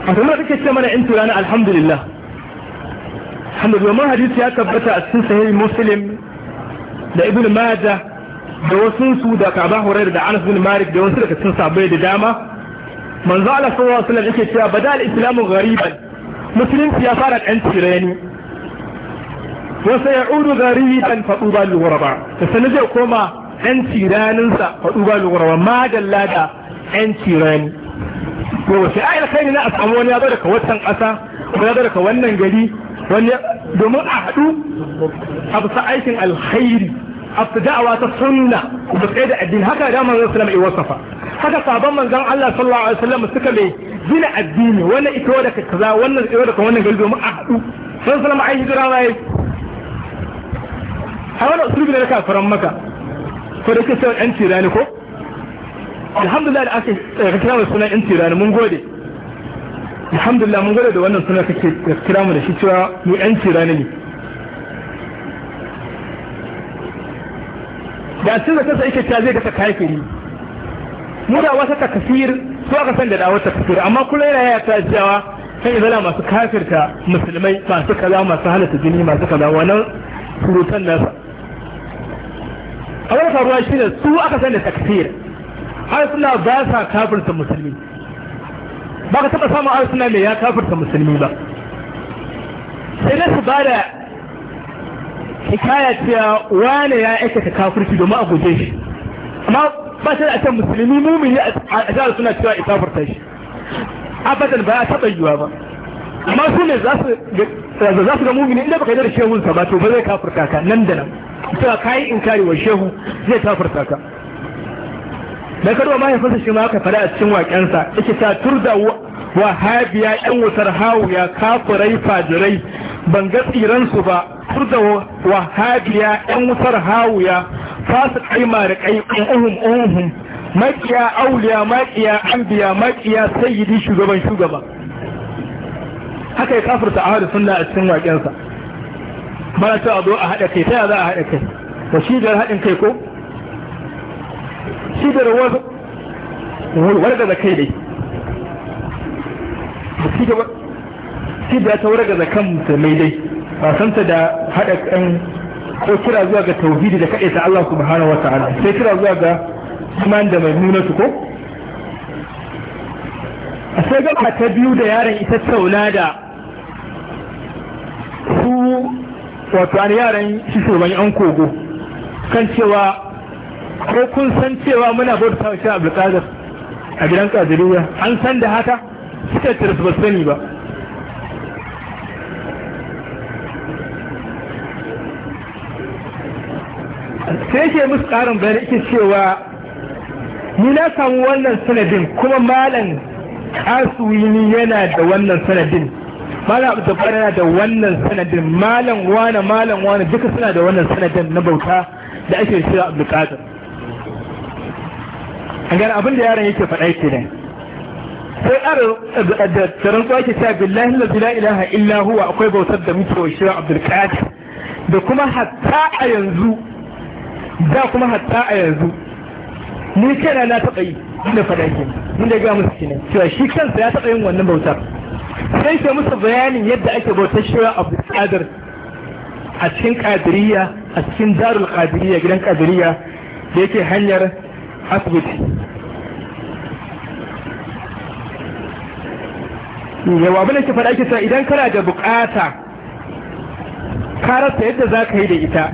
a sanar da kake mana yan tiranin alhamdulillah alhamdulillah mun hadisi ya tabbata a cikin sahih muslim da ibn majah da wasu su da kaba horar da anas bin malik da wasu daga cikin sabai da dama manzo Allah sallallahu alaihi wasallam yake cewa badal islamu ghariban musulunci ya fara dan tirani wa sayudu ghariban fa tuba lil ghuraba da sanin zai koma dan tiranin sa fa tuba lil ghuraba ma dalla da dan tirani to wace ayar kai ne na samu wani ya zo daga wannan ƙasa ko ya zo daga wannan gari wani domin a haɗu a bisa aikin alkhairi da'awa ta sunna da tsaye da addini haka da manzon sallam ya wasafa haka sabon manzon Allah sallallahu alaihi wasallam suka mai gina addini wannan ito da kaza wannan ito da wannan gari domin a haɗu sallallahu alaihi ai hijira mai a wannan usulubi ne da kafaran maka ko da kisa yan tirani ko alhamdulillah da aka eh, kira mu sunan yan tirani mun gode mun gode da wannan sunan kake kira mu da shi cewa mu yan tirani ne da sun da kansa yake zai gasa kafiri mu da wasa ta kafir su aka san da dawar ta kafir amma kula yana ya ta cewa kan izala masu kafirta musulmai masu kaza masu halatta jini masu kaza wannan surutan nasa wani faruwa shi ne su aka san da takfir har suna ba sa kafirta musulmi ba ka taba samun har suna mai ya kafirta musulmi ba sai na su ba da hikaya cewa wane ya aikata kafirci domin a guje shi amma ba shi da akan musulmi mumini a jihar suna cewa ita furta shi abadan ba ya taɓa yiwa ba amma su ne za su ga mumini inda baka yi da shehunsa ba to ba zai kafurta ka nan da nan cewa kayi inkari wa shehu zai kafurta ka da karwa mahaifinsa shi ma aka fara a cikin waƙensa yake ta turda wahabiya yan wutar hawuya kafirai fajirai ban ga tsiransu ba har da wahabiya yan wutar hawuya fasu kaima da kai uhum uhum makiya auliya makiya anbiya makiya sayyidi shugaban shugaba haka ya kafirta ahadu sunna a cikin waƙensa bana ta zo a haɗa kai ta ya za a haɗa kai da shidar haɗin kai ko shidar wani wadda da kai dai ci gaba ci da ta wargaza kan dai ba ta da haɗa kan ko kira zuwa ga tauhidi da kaɗaita Allah subhanahu wa ta'ala sai kira zuwa ga iman da mai nuna ko a sai gaba ta biyu da yaran ita tauna da su wato an yaran shi shugaban yan kogo kan cewa ko kun san cewa muna bauta shi abdulkadir a gidan kadiriya an san da haka suka ce ba sani ba sai ke musu ƙarin bayani ita cewa ni na samu wannan sanadin kuma malam kasuwini yana da wannan sanadin malam abu da yana da wannan sanadin malam wane malam wane duka suna da wannan sanadin na bauta da ake cewa abu da an gane abin da yaron yake faɗa ke nan sai ara da taron tsaki ta billahi la ilaha illa huwa akwai bautar da muke wa shi Abdul Qadir da kuma hatta a yanzu da kuma hatta a yanzu ni kana na taɓa yi faɗa ke mun da ga musu kenan cewa shi kansa ya taɓa yin wannan bautar sai ke musu bayanin yadda ake bautar shi Abdul Qadir a cikin Qadiriyya a cikin Darul Qadiriyya gidan Qadiriyya da yake hanyar asibiti yawa abin da ke faɗa ke idan kana da bukata karasta yadda za ka yi da ita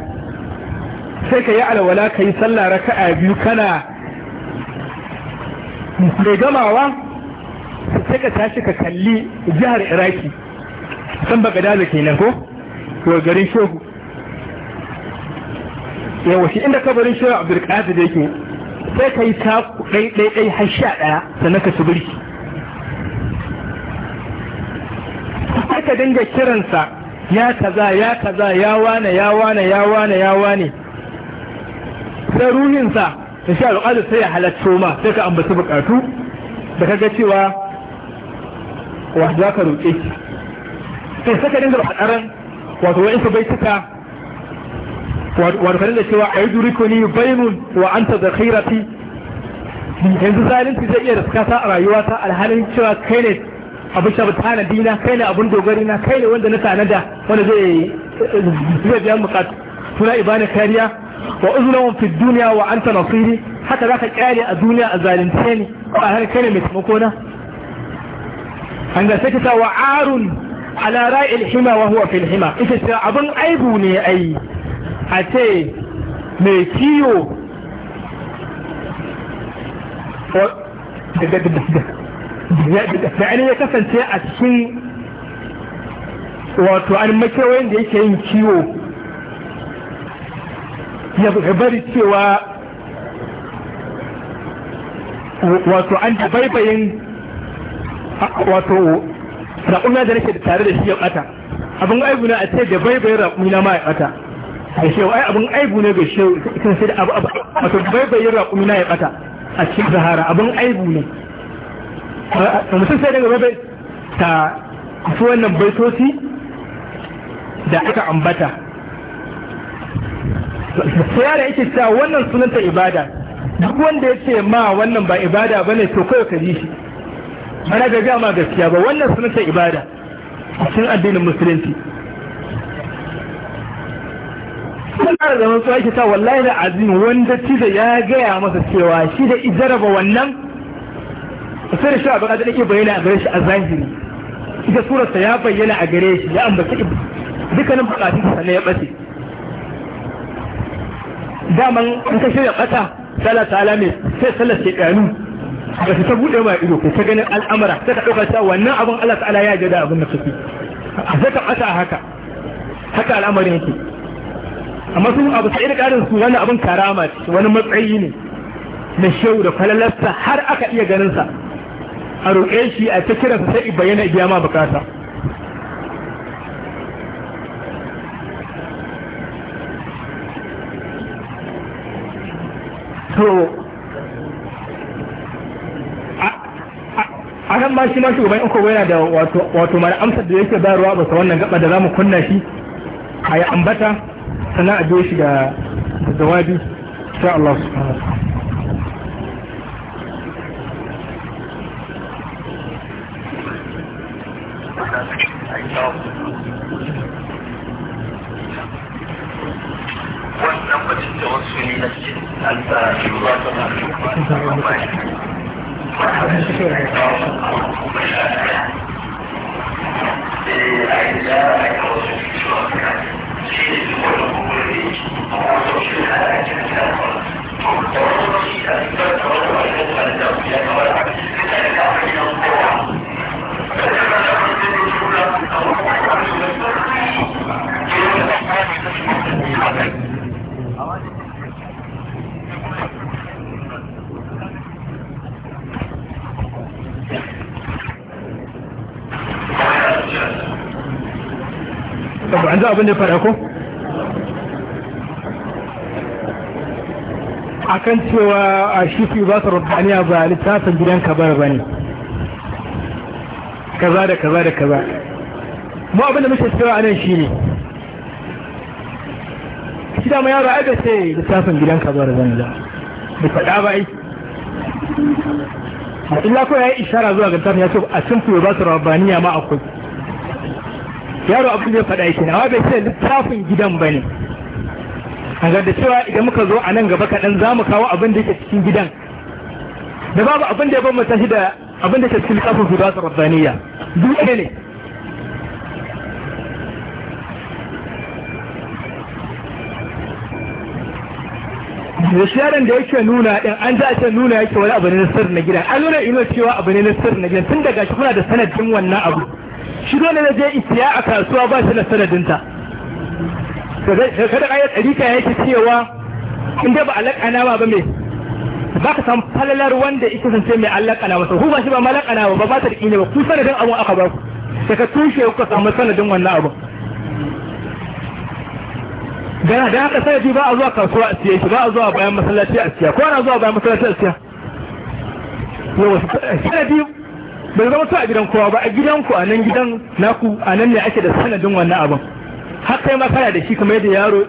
sai ka yi alwala ka yi sallah raka'a biyu kana mai gamawa sai ka tashi ka kalli jihar iraki san baka dalo kenan ko to garin shehu yawa shi inda kabarin shehu abdulkadir yake sai ka yi taku ɗaiɗaiɗai har sha ɗaya sannan ka ci birki aka ka dinga kiransa ya kaza ya kaza ya wane ya wane ya wane ya wane sai ruhinsa in sha alƙadu sai ya halatto ma sai ka ambaci bukatu da kaga cewa wa za ka roƙe ki sai saka dinga hadaran wato wa isa bai cika wato kanin da cewa a yi durikuni bainun wa an ta zakhirati yanzu zalunci zai iya riskata a rayuwata alhalin cewa kai ne abin sha tana dina kai ne abin dogari na kai ne wanda na tanada wanda zai zai biyan bukatu suna ibana kariya wa uzunan fi duniya wa anta nasiri haka zaka kyale a duniya a zalunce ne a har kai ne mai taimako na an ga sai ta wa arun ala ra'il hima wa huwa fil hima ita ce abin aibu ne ai a ce mai kiyo daga ya kasance a cikin wato an makewayen da yake yin kiwo ya bari cewa wato an da baibayin wato raƙuna da nake tare da shi ya ɓata abin aibu na a ce da baibayin raƙuna ma ya ɓata da shewa ai abin aibu ne ga shewa sun sai da abu abu wato baibayin raƙuna ya ɓata a cikin zahara abin aibu ne mutum sai daga mabai ta kufi wannan baitoci da aka ambata sai da yake cewa wannan sunanta ibada duk wanda ya ce ma wannan ba ibada ba ne to kai ka yi shi mana ga ma gaskiya ba wannan sunanta ibada a cikin addinin musulunci sun ƙara zaman tsohon kita wallahi da azim wanda ci ya gaya masa cewa shi da ijaraba wannan sai shi abin adadin bayyana a gare shi a zahiri ita surarsa ya bayyana a gare shi ya ambaci dukkanin bukatun sa ne ya bace daman in ka shirya bata sala ta'ala ne sai sallar shekanu ba ta bude ma ido ko ta ganin al'amara sai ka dauka cewa wannan abin Allah ta'ala ya jada abin da kake sai ka bata haka haka al'amarin yake amma sun abu sai da karin su wannan abin karama wani matsayi ne na shehu da falalarsa har aka iya ganin sa a roƙe shi a ta kiransa sai bayyana biya ma bukata to a kan ba shi ma shugaban uku yana da wato mara amsar da yake ruwa ba wannan gaba da za mu kunna shi a yi ambata sannan a biyo shi da jawabi sha Allah subhanahu wa ta'ala wannan batun da wasu ne na cikin alfahari ba ta mafi Thank you. abu an ji abin da fara ko? a kan cewa a shifi ba su rubaniya ba littafin gidan kabar ba ne kaza da kaza da kaza mu abin da muke cewa anan shi ne shi dama yaro ai bai sai littafin gidan ka zuwa da zan da bai faɗa ba ai a illa ko ya yi ishara zuwa ga littafin ya ce a cin fuyo ba su rabaniya ma akwai yaro abin zai faɗa yake nawa bai sai littafin gidan ba ne a ga da cewa idan muka zo a nan gaba kaɗan za mu kawo abin da yake cikin gidan da babu abin da ya bambanta shi da abin da ke cikin littafin fuyo ba su rabaniya duk ne bisharan da yake nuna din an da ce nuna yake wani abu ne na sirri na gidan an nuna ino cewa abu ne na sirri na gidan tun daga shi kuna da sanadin wannan abu shi dole na je isiya a kasuwa ba shi da sanadinta kada ayat ɗarika yake cewa in dai ba alakana ba ba me ba ka san falalar wanda ita sun ce mai alakana ba ku ba shi ba malakana ba ba ta da ne ba ku sanadin abu aka ba ku ka tushe ka samu sanadin wannan abu gana da haka sanadi ba a zuwa kasuwa a siya shi ba a zuwa bayan masallaci a siya ko ana zuwa bayan masallaci a siya wasu sanadi bai zama su a gidan kowa ba a gidan ku a nan gidan naku a nan ne ake da sanadin wannan abin har kai ma kana da shi kamar yadda yaro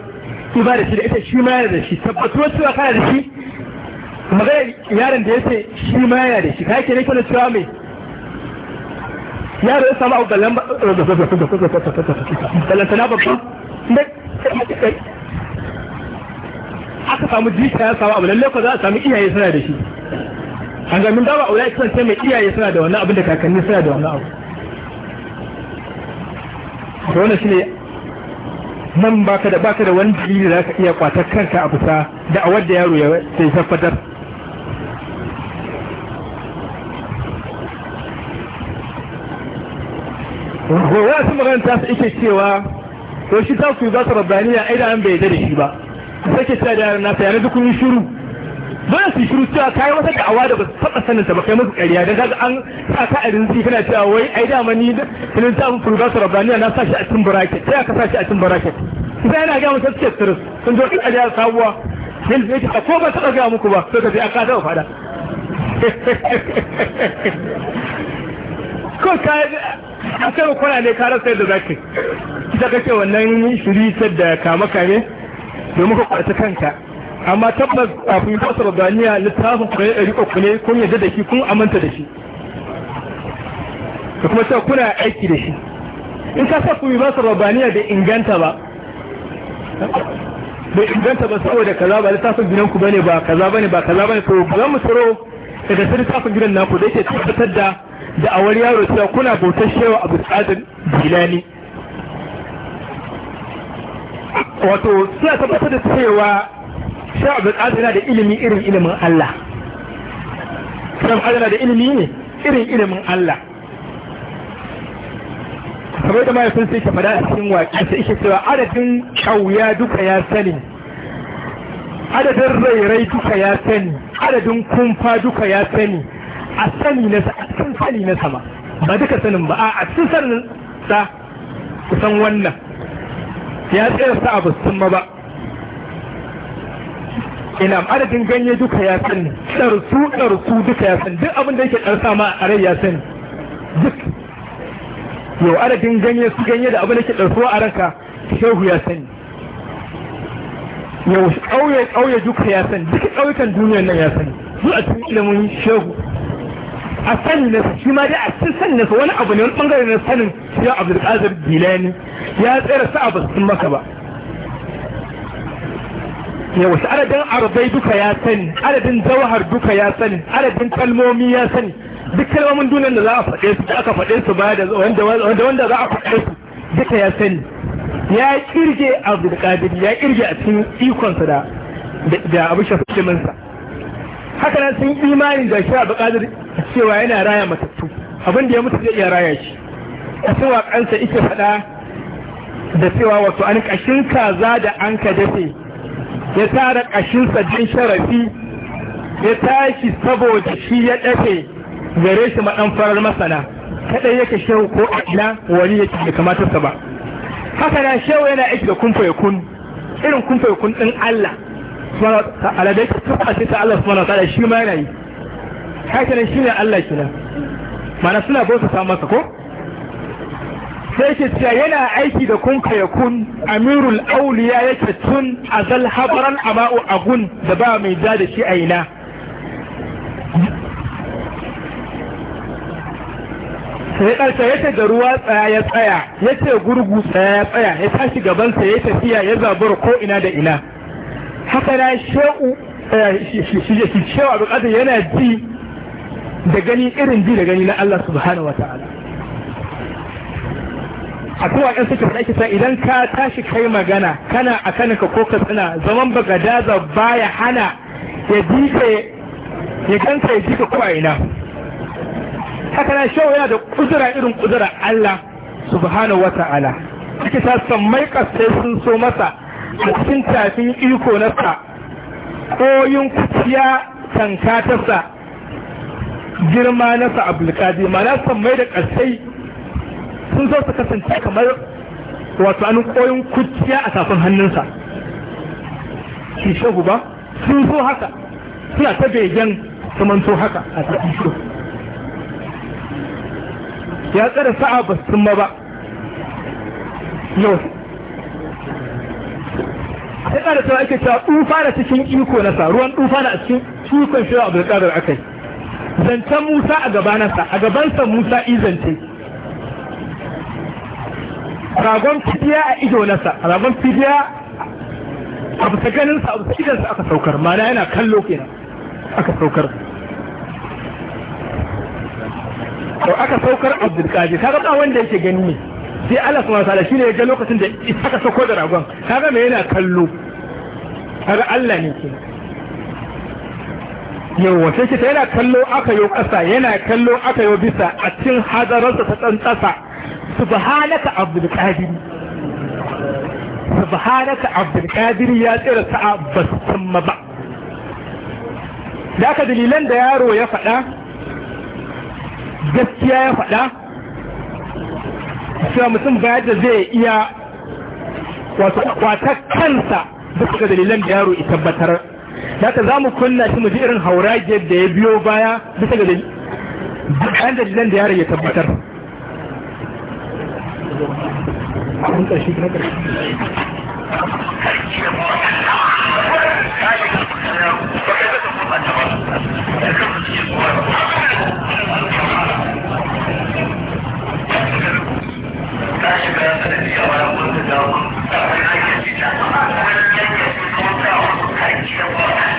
ki ba da shi da ita shi ma yana da shi tabbatuwa cewa kana da shi magana yaron da ya ce shi ma yana da shi kai ke ne kana cewa mai yaro ya samu abu da lamba da lantana babban da kai aka samu jika ya samu abu lalle ko za a samu iyaye suna da shi an ga min dawa aure ya kasance mai iyaye suna da wannan abin da kakanni suna da wannan abu to wannan shine nan baka da baka da wani dalili da ka iya kwatar kanka a bisa da awar da yaro ya sai tabbatar Gowa su magana ta su ike cewa to shi ta su za su rabbaniya ai da an bai da shi ba sake cewa da yaran nasa yana dukkan shiru dole su shiru cewa yi wata da'awa da ba su taba sanin ta ba kai musu ƙarya da kaga an sa ka a rinsi kana cewa wai ai da mani da kin ta mun furga su rabbaniya na sa shi a cikin bracket sai aka sa shi a cikin bracket sai yana ga mu tafsir tsirin sun zo duk ƙarya sabuwa bil zai ta ko ba ta ga muku ba sai ka a aka ta fada ko kai a kai kwana ne ka rasa yadda zaka ita kace wannan shiri da kama kame domin ka kwarta kanka amma tabbas a kafin fasar rabaniya littafin ku ne ɗari uku ne kun yadda da shi kun aminta da shi da kuma sai kuna aiki da shi in ka sa kuma fasar rabaniya da inganta ba bai inganta ba saboda kaza ba littafin gidan ku bane ba kaza bane ba kaza bane to za mu tsaro daga sai littafin gidan naku da yake tabbatar da da awar yaro cewa kuna bautar shewa abu tsadin bilani wato suna tabbatar da cewa shewa abu tsadin da ilimi irin ilimin Allah shewa abu da ilimi ne irin ilimin Allah kamar da mahaifin sai ke fada a cikin waƙi sai ishe cewa adadin kyauya duka ya sani adadin rairai duka ya sani adadin kumfa duka ya sani a sani na sa a cikin sani na sama ba duka sanin ba a a cikin sanin sa kusan wannan ya tsaya sa a basu ma ba ina adadin ganye duka ya sani tsarsu tsarsu duka ya sani duk abin da yake tsarsa ma a rai ya sani duk yau adadin ganye su ganye da abin da yake tsarsuwa a ranka shehu ya sani yau ƙauye ƙauye duka ya sani duka ƙauyukan duniyar nan ya sani zuwa cikin ilimin shehu a sannan shi ma dai a cikin sannan wani abu ne wani bangare na sanin ya abdulkazir gilani ya tsere sa ba sun maka ba ya wasu adadin arabai duka ya sani adadin jawahar duka ya sani adadin kalmomi ya sani duk kalmomin dunan da za a faɗe su da aka faɗe su ba da wanda za a faɗe su duka ya sani ya kirge abdulkadir ya kirge a cikin ikonsa da abin shafi mansa haka nan sun imani da shi a bukatar cewa yana raya matattu abin da ya mutu zai iya raya shi a cewa kansa ike faɗa da cewa wato an kashin kaza da an ka dafe ya tara kashinsa din sharafi ya tashi saboda shi ya dafe gare shi maɗan farar masana kaɗai yake shehu ko ina wani yake da sa ba haka nan shehu yana aiki da kunfa ya irin kunfa ya kun ɗin Allah subhanahu wa ce Allah shi ma yana yi ne suna bauta ko sai ke cewa yana aiki da kun ka kun amirul auliya ya ke tun a habaran a agun da ba mai da da shi a ina sai ƙarshe ya ce da ruwa tsaya ya tsaya ya ce gurgu tsaya ya tsaya ya tashi gabansa ya tafiya ya zabar ko ina da ina haka na shehu eh, shi cewa bukatar yana ji da gani irin ji da gani na Allah subhanahu wa ta'ala a kowa ɗan suka faɗa kisa idan ka tashi kai magana kana a ka ko ka tsina zaman baka daza baya hana ya ji ka ya ganka ya ji ka kowa ina haka na shawo yana da kudura irin kudura Allah subhanahu wa ta'ala kisa sammai kasai sun so masa a cikin tafin iko nasa koyin kuciya tanka tasa girma nasa abulkadir mana san mai da ƙarsai sun zo su kasance kamar wato an koyin kuciya a tafin hannunsa shi shehu ba sun zo haka suna ta begen samanto haka a tafin shi ya tsara sa'a ba sun ma ba yau sai ƙara sauran ake cewa tsufa da cikin iko nasa ruwan tsufa da cikin ikon shi abu da aka yi zancen musa a gabanansa a gabansa musa izance ragon fidiya a ido nasa ragon fidiya a bisa ganinsa a bisa idansa aka saukar mana yana kallo kenan aka saukar to aka saukar abdulkadir kaga ba wanda yake gani ne sai Allah subhanahu wataala shine ya ga lokacin da aka sako da ragon kaga me yana kallo kaga Allah ne ke yawa sai kita yana kallo aka yo ƙasa yana kallo aka yo bisa a cikin hadararsa ta ɗan ƙasa subhanaka abdul qadir subhanaka abdul qadir ya tsira sa'a basamma ba da aka dalilan da yaro ya faɗa gaskiya ya faɗa cewa mutum bayar yadda zai iya kwata kansa da suka dalilan da yaro ya tabbatar daga za mu kunna shi mu ji irin haurage da ya biyo baya bisa ga da dalilan da yaro ya tabbatar Thank you.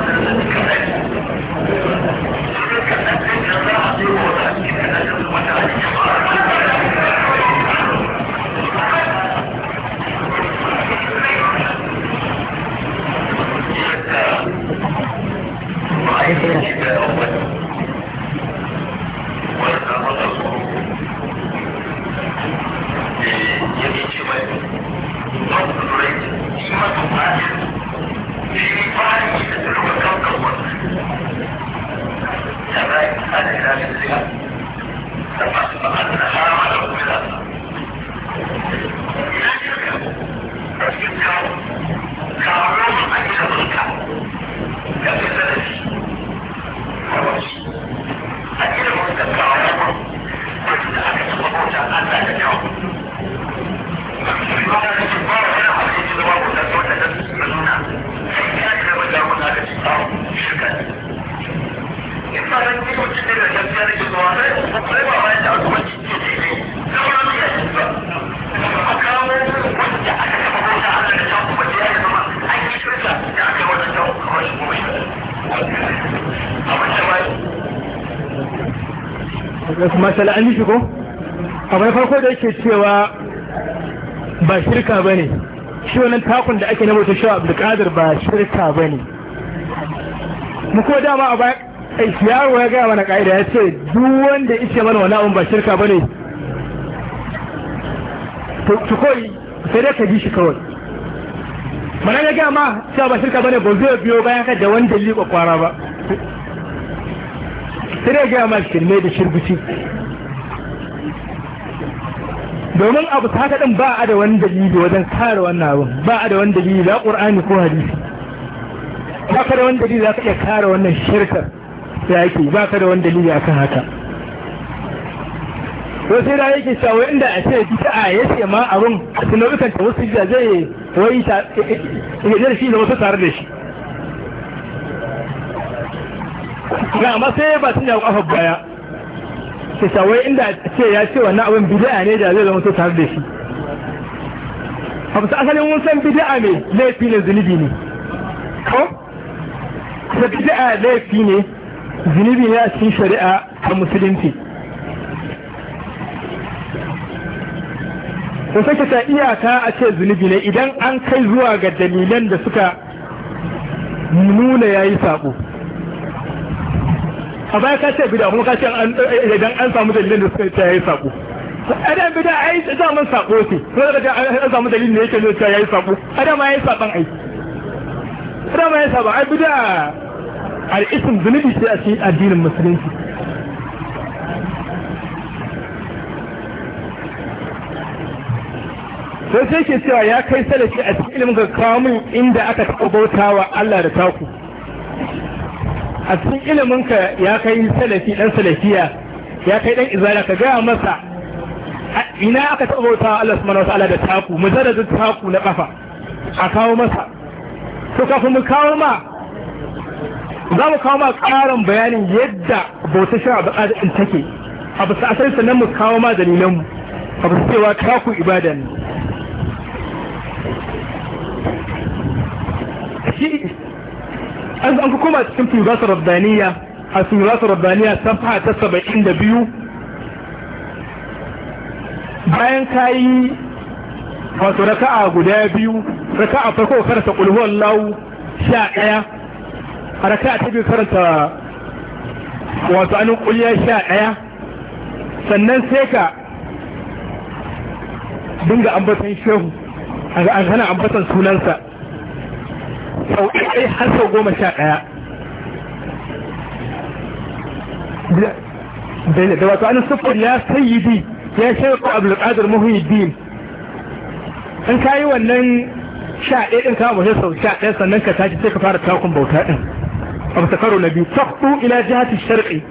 mutala an shigo abu farko da yake cewa ba shirka ba ne shi wannan takun da ake na bautar shi abdulkadir ba shirka ba ne mu ko dama a baya yaro ya gaya mana ka'ida ya ce duk wanda ishe mana wani abun ba shirka ba ne to kawai sai dai ka ji shi kawai mana ya gaya ma cewa ba shirka ba ne ba zai biyo bayan ka da wani dalili kwakwara ba sai dai gaya ma shirme da shirbuci domin abu ta haka ɗin ba a da wani dalili wajen kare wannan abin ba a da wani dalili za ƙur'ani ko hadisi ba ka da wani dalili za ka iya kare wannan shirkar da yake ba ka da wani dalili akan haka to sai da yake shawo inda a ce a ya ce ma abin a nau'ikan ta wasu da zai wai ta da shi da wasu tare da shi ga amma sai ba sun da kafa baya ce shawai inda ce ya ce wannan abin bid'a ne da zai zama to tare da shi abu asalin mun san bid'a ne laifi ne zunubi ne ko ta bid'a laifi ne zunubi ne a cikin shari'a ta musulunci sun sake ta iyaka a ce zunubi ne idan an kai zuwa ga dalilan da suka nuna ya yi a baya ka ce bida kuma ka ce idan an samu dalilin da suka ta yayi sako a da bida ai zaman sako ce ko daga an samu dalilin da yake zai ta yayi sako a da ma yayi saban ai a da ma yayi saban ai bida al-ism zunubi ce a cikin addinin musulunci sai sai ke cewa ya kai salaki a cikin ilimin ga kawo inda aka taɓa bautawa Allah da taku a cikin iliminka ya kai salafi dan salafiya ya kai dan izara ka gaya masa ina aka taɓa wata Allah subhanahu wataala da taku mujarradin taku na kafa a kawo masa to kafin mu kawo ma za mu kawo ma ƙarin bayanin yadda bauta shi a in take a bisa asali sannan mu kawo ma dalilan mu a bisa cewa taku ibada ne an an koma cikin turasa rabdaniya a firdaus rabbaniya saba'in da biyu, bayan ka yi wato raka'a guda biyu raka'a farko karanta lau sha ɗaya, a raka'a ta biyu karanta wato anin sha ɗaya, sannan sai ka dinga ambatan shehu a hana ambatan sunansa sau ɗaya har sau goma sha ɗaya da wato an sufur ya sayyidi ya shaiku abdulkadir muhyiddin in ka yi wannan sha ɗaya ɗin kama mace sau sha ɗaya sannan ka tashi sai ka fara takun bauta ɗin a bisa karo na biyu taɓu ila jihati sharqi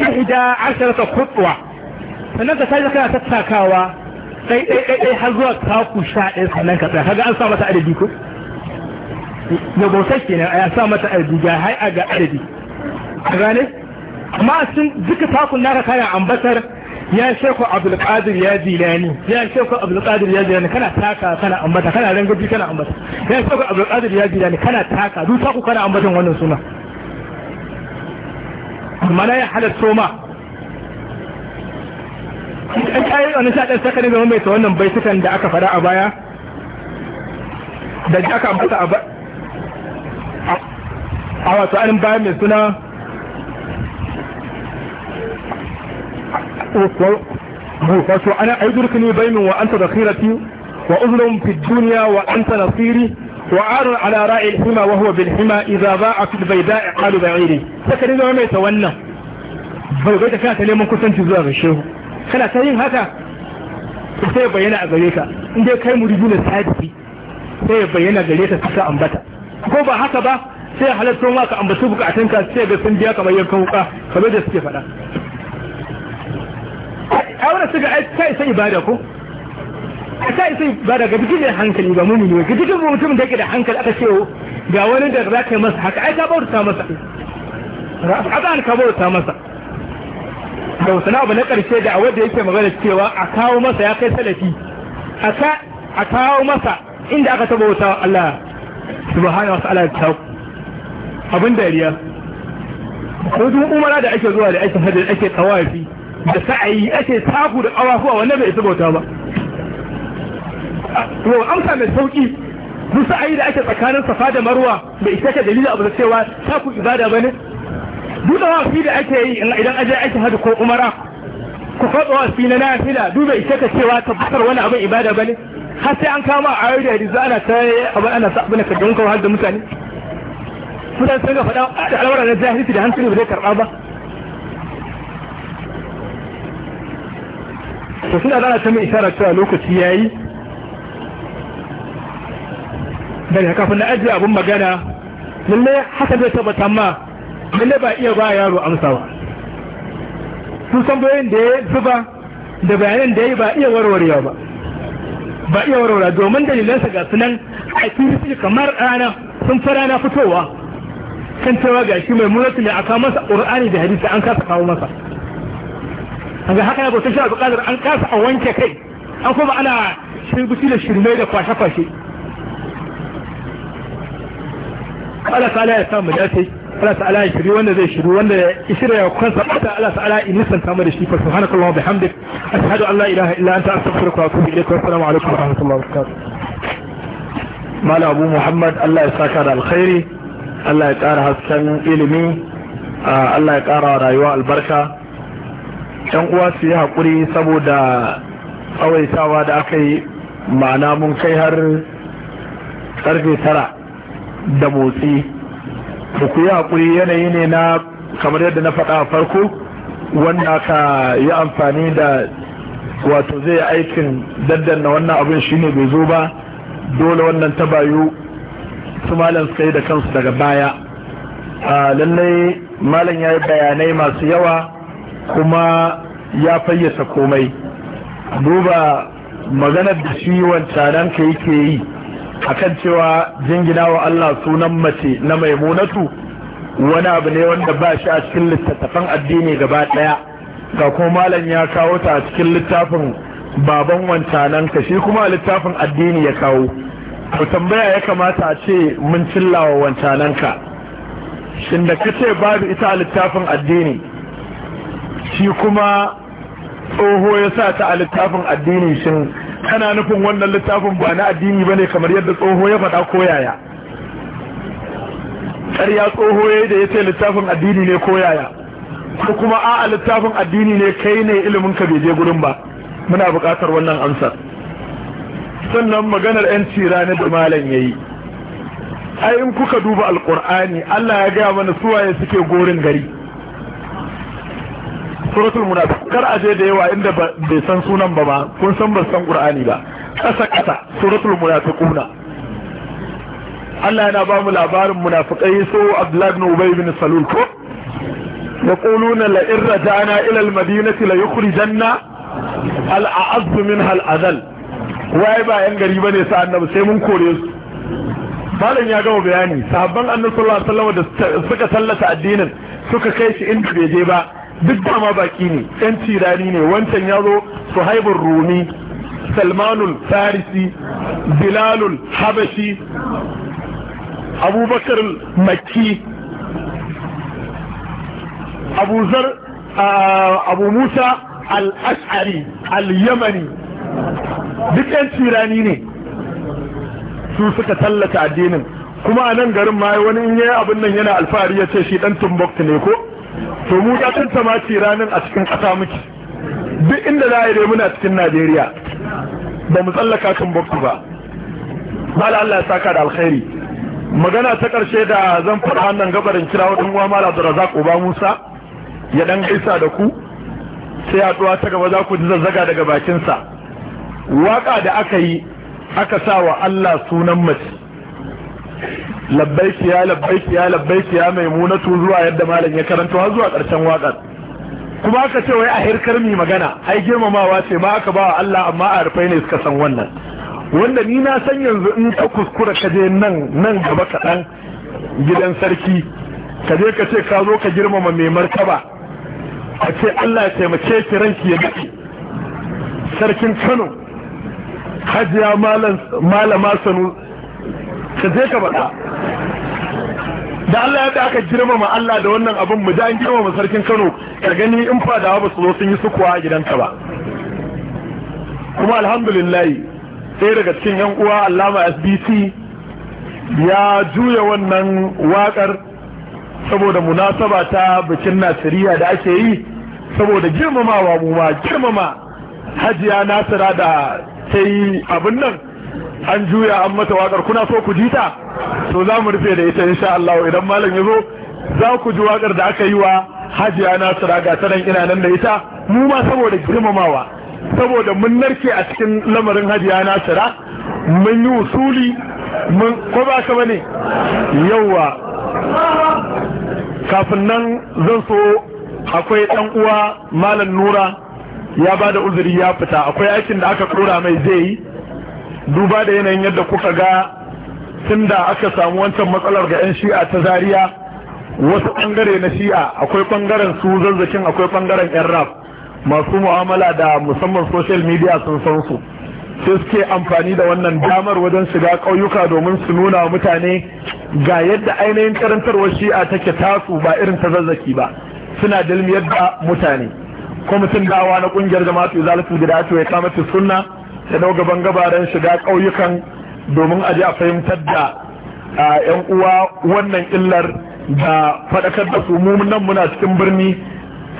ihda asharata khutwa sannan ka tashi kana tattakawa ɗai ɗai ɗai har zuwa taku sha ɗaya sannan ka tsaya kaga an sa mata adadi ko mai bautar kenan a ya sa mata a duga har a ga adadi a gane amma sun duka takun naka kana ambatar ya shekwa abdulkadir ya jilani ya shekwa abdulkadir ya jilani kana taka kana ambata kana rangabi kana ambata ya shekwa abdulkadir ya jilani kana taka duka taku kana ambatan wannan suna amma na ya halatto ma an kayi wani mai ta wannan baitukan da aka fara a baya da aka ambata a wato anin bayan mai suna wato ana aidurka ne bainin wa anta da khirati wa uzurin fi duniya wa anta nasiri وعار على راعي الحمى وهو بالحمى إذا ضاع في البيداء قالوا بعيري فكرين ما يتولى فبيتا كانت اليوم كنت زوار الشيخ kana ta yin haka sai bayyana a gare ka inda kai muridu na sadiki sai bayyana gare ka suka ambata ko ba haka ba sai halatta ma ka ambaci bukatunka sai ga sun biya kamar yankan wuka kamar da suke faɗa a wanda suka ta isa ibada ko ta isa ibada ga bikin dukkan hankali ba mumini ne ga dukkan mutum da ke da hankali aka ce ga wani da za ka yi masa haka aika ka bauta masa haka an ka bauta masa da wasu abu na ƙarshe da a wadda yake magana cewa a kawo masa ya kai salafi a kawo masa inda aka taba wuta Allah subhanahu wa ta'ala ya kawo abin dariya ko kuma umara da ake zuwa da ake hajji ake tawafi da sa'ayi ake taku da awafuwa wannan bai isa bauta ba to amsa mai sauki duk sa'ayi da ake tsakanin safa da marwa bai isa ka dalilin abu da cewa taku ibada bane duk tawafi da ake yi idan aje ake hajji ko umara ku faɗo a fi na nafila duk bai isa ka cewa tabbatar wani abin ibada bane har sai an kama a yau da yadda ana ta abin ana sa abin da ka don kawar da mutane mutane sun ga faɗa da al'amura na zahiri da hankali ba zai karɓa ba to suna zana ta mai isharar cewa lokaci ya yi daga kafin na ajiye abin magana lallai haka zai tabbata ma lallai ba iya ba yaro amsawa sun san bayan da ya zuba da bayanan da ya yi ba iya warwarewa ba ba iya warwarewa domin dalilansa ga sunan a kiri kamar rana sun fara na fitowa kan cewa ga shi mai munatu ne a kawo masa ƙur'ani da hadisi an kasa kawo masa ga haka ya bauta shi a an kasa a wanke kai an kuma ana shirbuci da shirme da kwashe-kwashe Allah ta'ala ya samu dace Allah ta'ala ya shiri wanda zai shiri wanda ya shirya ya kansa bata Allah ta'ala ya nisan samu da shi fa subhanakallah wa bihamdik ashhadu an la ilaha illa anta astaghfiruka wa atubu ilayk wa assalamu alaikum wa rahmatullahi wa barakatuh Malam Abu Muhammad Allah ya saka da alkhairi Allah ya ƙara hasken ilimi Allah ya ƙara rayuwa albarka ‘yan uwa su yi haƙuri saboda tsawaitawa da aka yi ma'ana mun kai har ƙarfe tara da motsi ku yi haƙuri yanayi ne na kamar yadda na faɗa a farko wanda ka yi amfani da wato zai aikin daddanna wannan abin shine bai zo ba dole wannan ta bayu su malam suka yi da kansu daga baya lallai malam ya yi bayanai masu yawa kuma ya fayyata komai duba maganar da shi wancanan ka yake yi a kan cewa jingina wa Allah sunan mace na maimunatu wani abu ne wanda ba shi a cikin littattafan addini gaba ɗaya ga kuma malam ya kawo ta a cikin littafin baban wancanan ka shi kuma littafin addini ya kawo ku tambaya ya kamata a ce mun cillawa wancananka shin da kace babu ita a littafin addini shi kuma tsoho ya sa ta a littafin addini shin kana nufin wannan littafin ba na addini ba ne kamar yadda tsoho ya faɗa ko yaya ƙarya tsoho ya da ya ce littafin addini ne ko yaya ko kuma a littafin addini ne kai ne ilimin ka bai je gurin ba muna buƙatar wannan amsar sannan maganar yanci ranar da malam ya yi ai in kuka duba alkur'ani allah ya gaya mana suwaye suke gorin gari suratul munafiq kar aje da yawa inda bai san sunan ba ba kun san ban san ƙur'ani ba Ƙasa ƙasa suratul munafiquna Allah yana ba mu labarin munafiqai so Abdullah ibn Ubay ibn Salul ko yaquluna la in raja'na ila al-madinati la yukhrijanna al-a'azz minha al waye ba yan gari bane sai annabi sai mun kore su malam ya gama bayani sahabban annabi sallallahu alaihi wasallam da suka sallata addinin suka kai shi inda bai je ba duk da ma baki ne yan tirani ne wancan ya zo suhaibun rumi salmanul farisi bilalul habashi abubakar makki zar ah, abu musa al-ash'ari al-yamani duk yan tirani ne su suka tallata addinin kuma a nan garin ma wani in yayi abin nan yana alfahari ya ce shi dan tumbuktu ne ko to mu da tanta ma tiranin a cikin ƙasa muke duk inda za a yi muna cikin Najeriya ba mu tsallaka tumbuktu ba mala Allah ya saka da alkhairi magana ta ƙarshe da zan faɗa nan gabarin kirawo ɗan uwa mala Abdulrazak Uba Musa ya dan gaisa da ku sai haɗuwa ta gaba za ku ji zazzaga daga bakinsa waka da aka yi aka sa wa Allah sunan mace labbaiki ya labbaiki ya labbaiki ya maimunatu zuwa yadda malam ya karanto har zuwa karshen wakar kuma aka ce wai a hirkar mi magana ai girmamawa ce ma aka ba wa Allah amma a rufai ne suka san wannan wanda ni na san yanzu in ka kuskura ka je nan nan gaba kaɗan gidan sarki ka je ka ce ka zo ka girmama mai martaba a ce Allah ya taimake ki ranki ya daɗe sarkin Kano hajiya malama sanu ka je ka faɗa da Allah yadda aka girmama Allah da wannan abin mu da an girmama sarkin Kano ka gani in fadawa ba su zo sun yi sukuwa a gidanka ba kuma alhamdulillah sai daga cikin yan uwa Allama SBC ya juya wannan wakar saboda munasaba ta bikin Nasiriya da ake yi saboda girmamawa mu ma girmama Hajiya Nasira da ta yi abin nan an juya an mata wakar kuna so ku jita ta to za mu rufe da ita insha Allah idan malam ya zo za ku ji wakar da aka yi wa hajiya na suraga ta ina nan da ita mu ma saboda girmamawa saboda mun narke a cikin lamarin hajiya na sura mun yi usuli mun ko ba ka bane yawa kafin nan zan so akwai dan uwa malam nura ya bada uzuri ya fita akwai aikin da aka kora mai zai yi duba da yanayin yadda kuka ga tun da aka samu wancan matsalar ga 'yan shi'a ta zariya wasu bangare na shi'a akwai bangaren su zazzakin akwai bangaren 'yan rap masu mu'amala da musamman social media sun san su sai suke amfani da wannan damar wajen shiga ƙauyuka domin su nuna wa mutane ga yadda ainihin karantarwar shi'a take tasu ba irin ta zazzaki ba suna dalmiyar da mutane kwamitin dawa na kungiyar jama'atu zalatu gida, dato ya kama sunna ya dau gaban gabaran shiga kauyukan domin a ji a fahimtar da yan uwa wannan illar da faɗakar da su mun nan muna cikin birni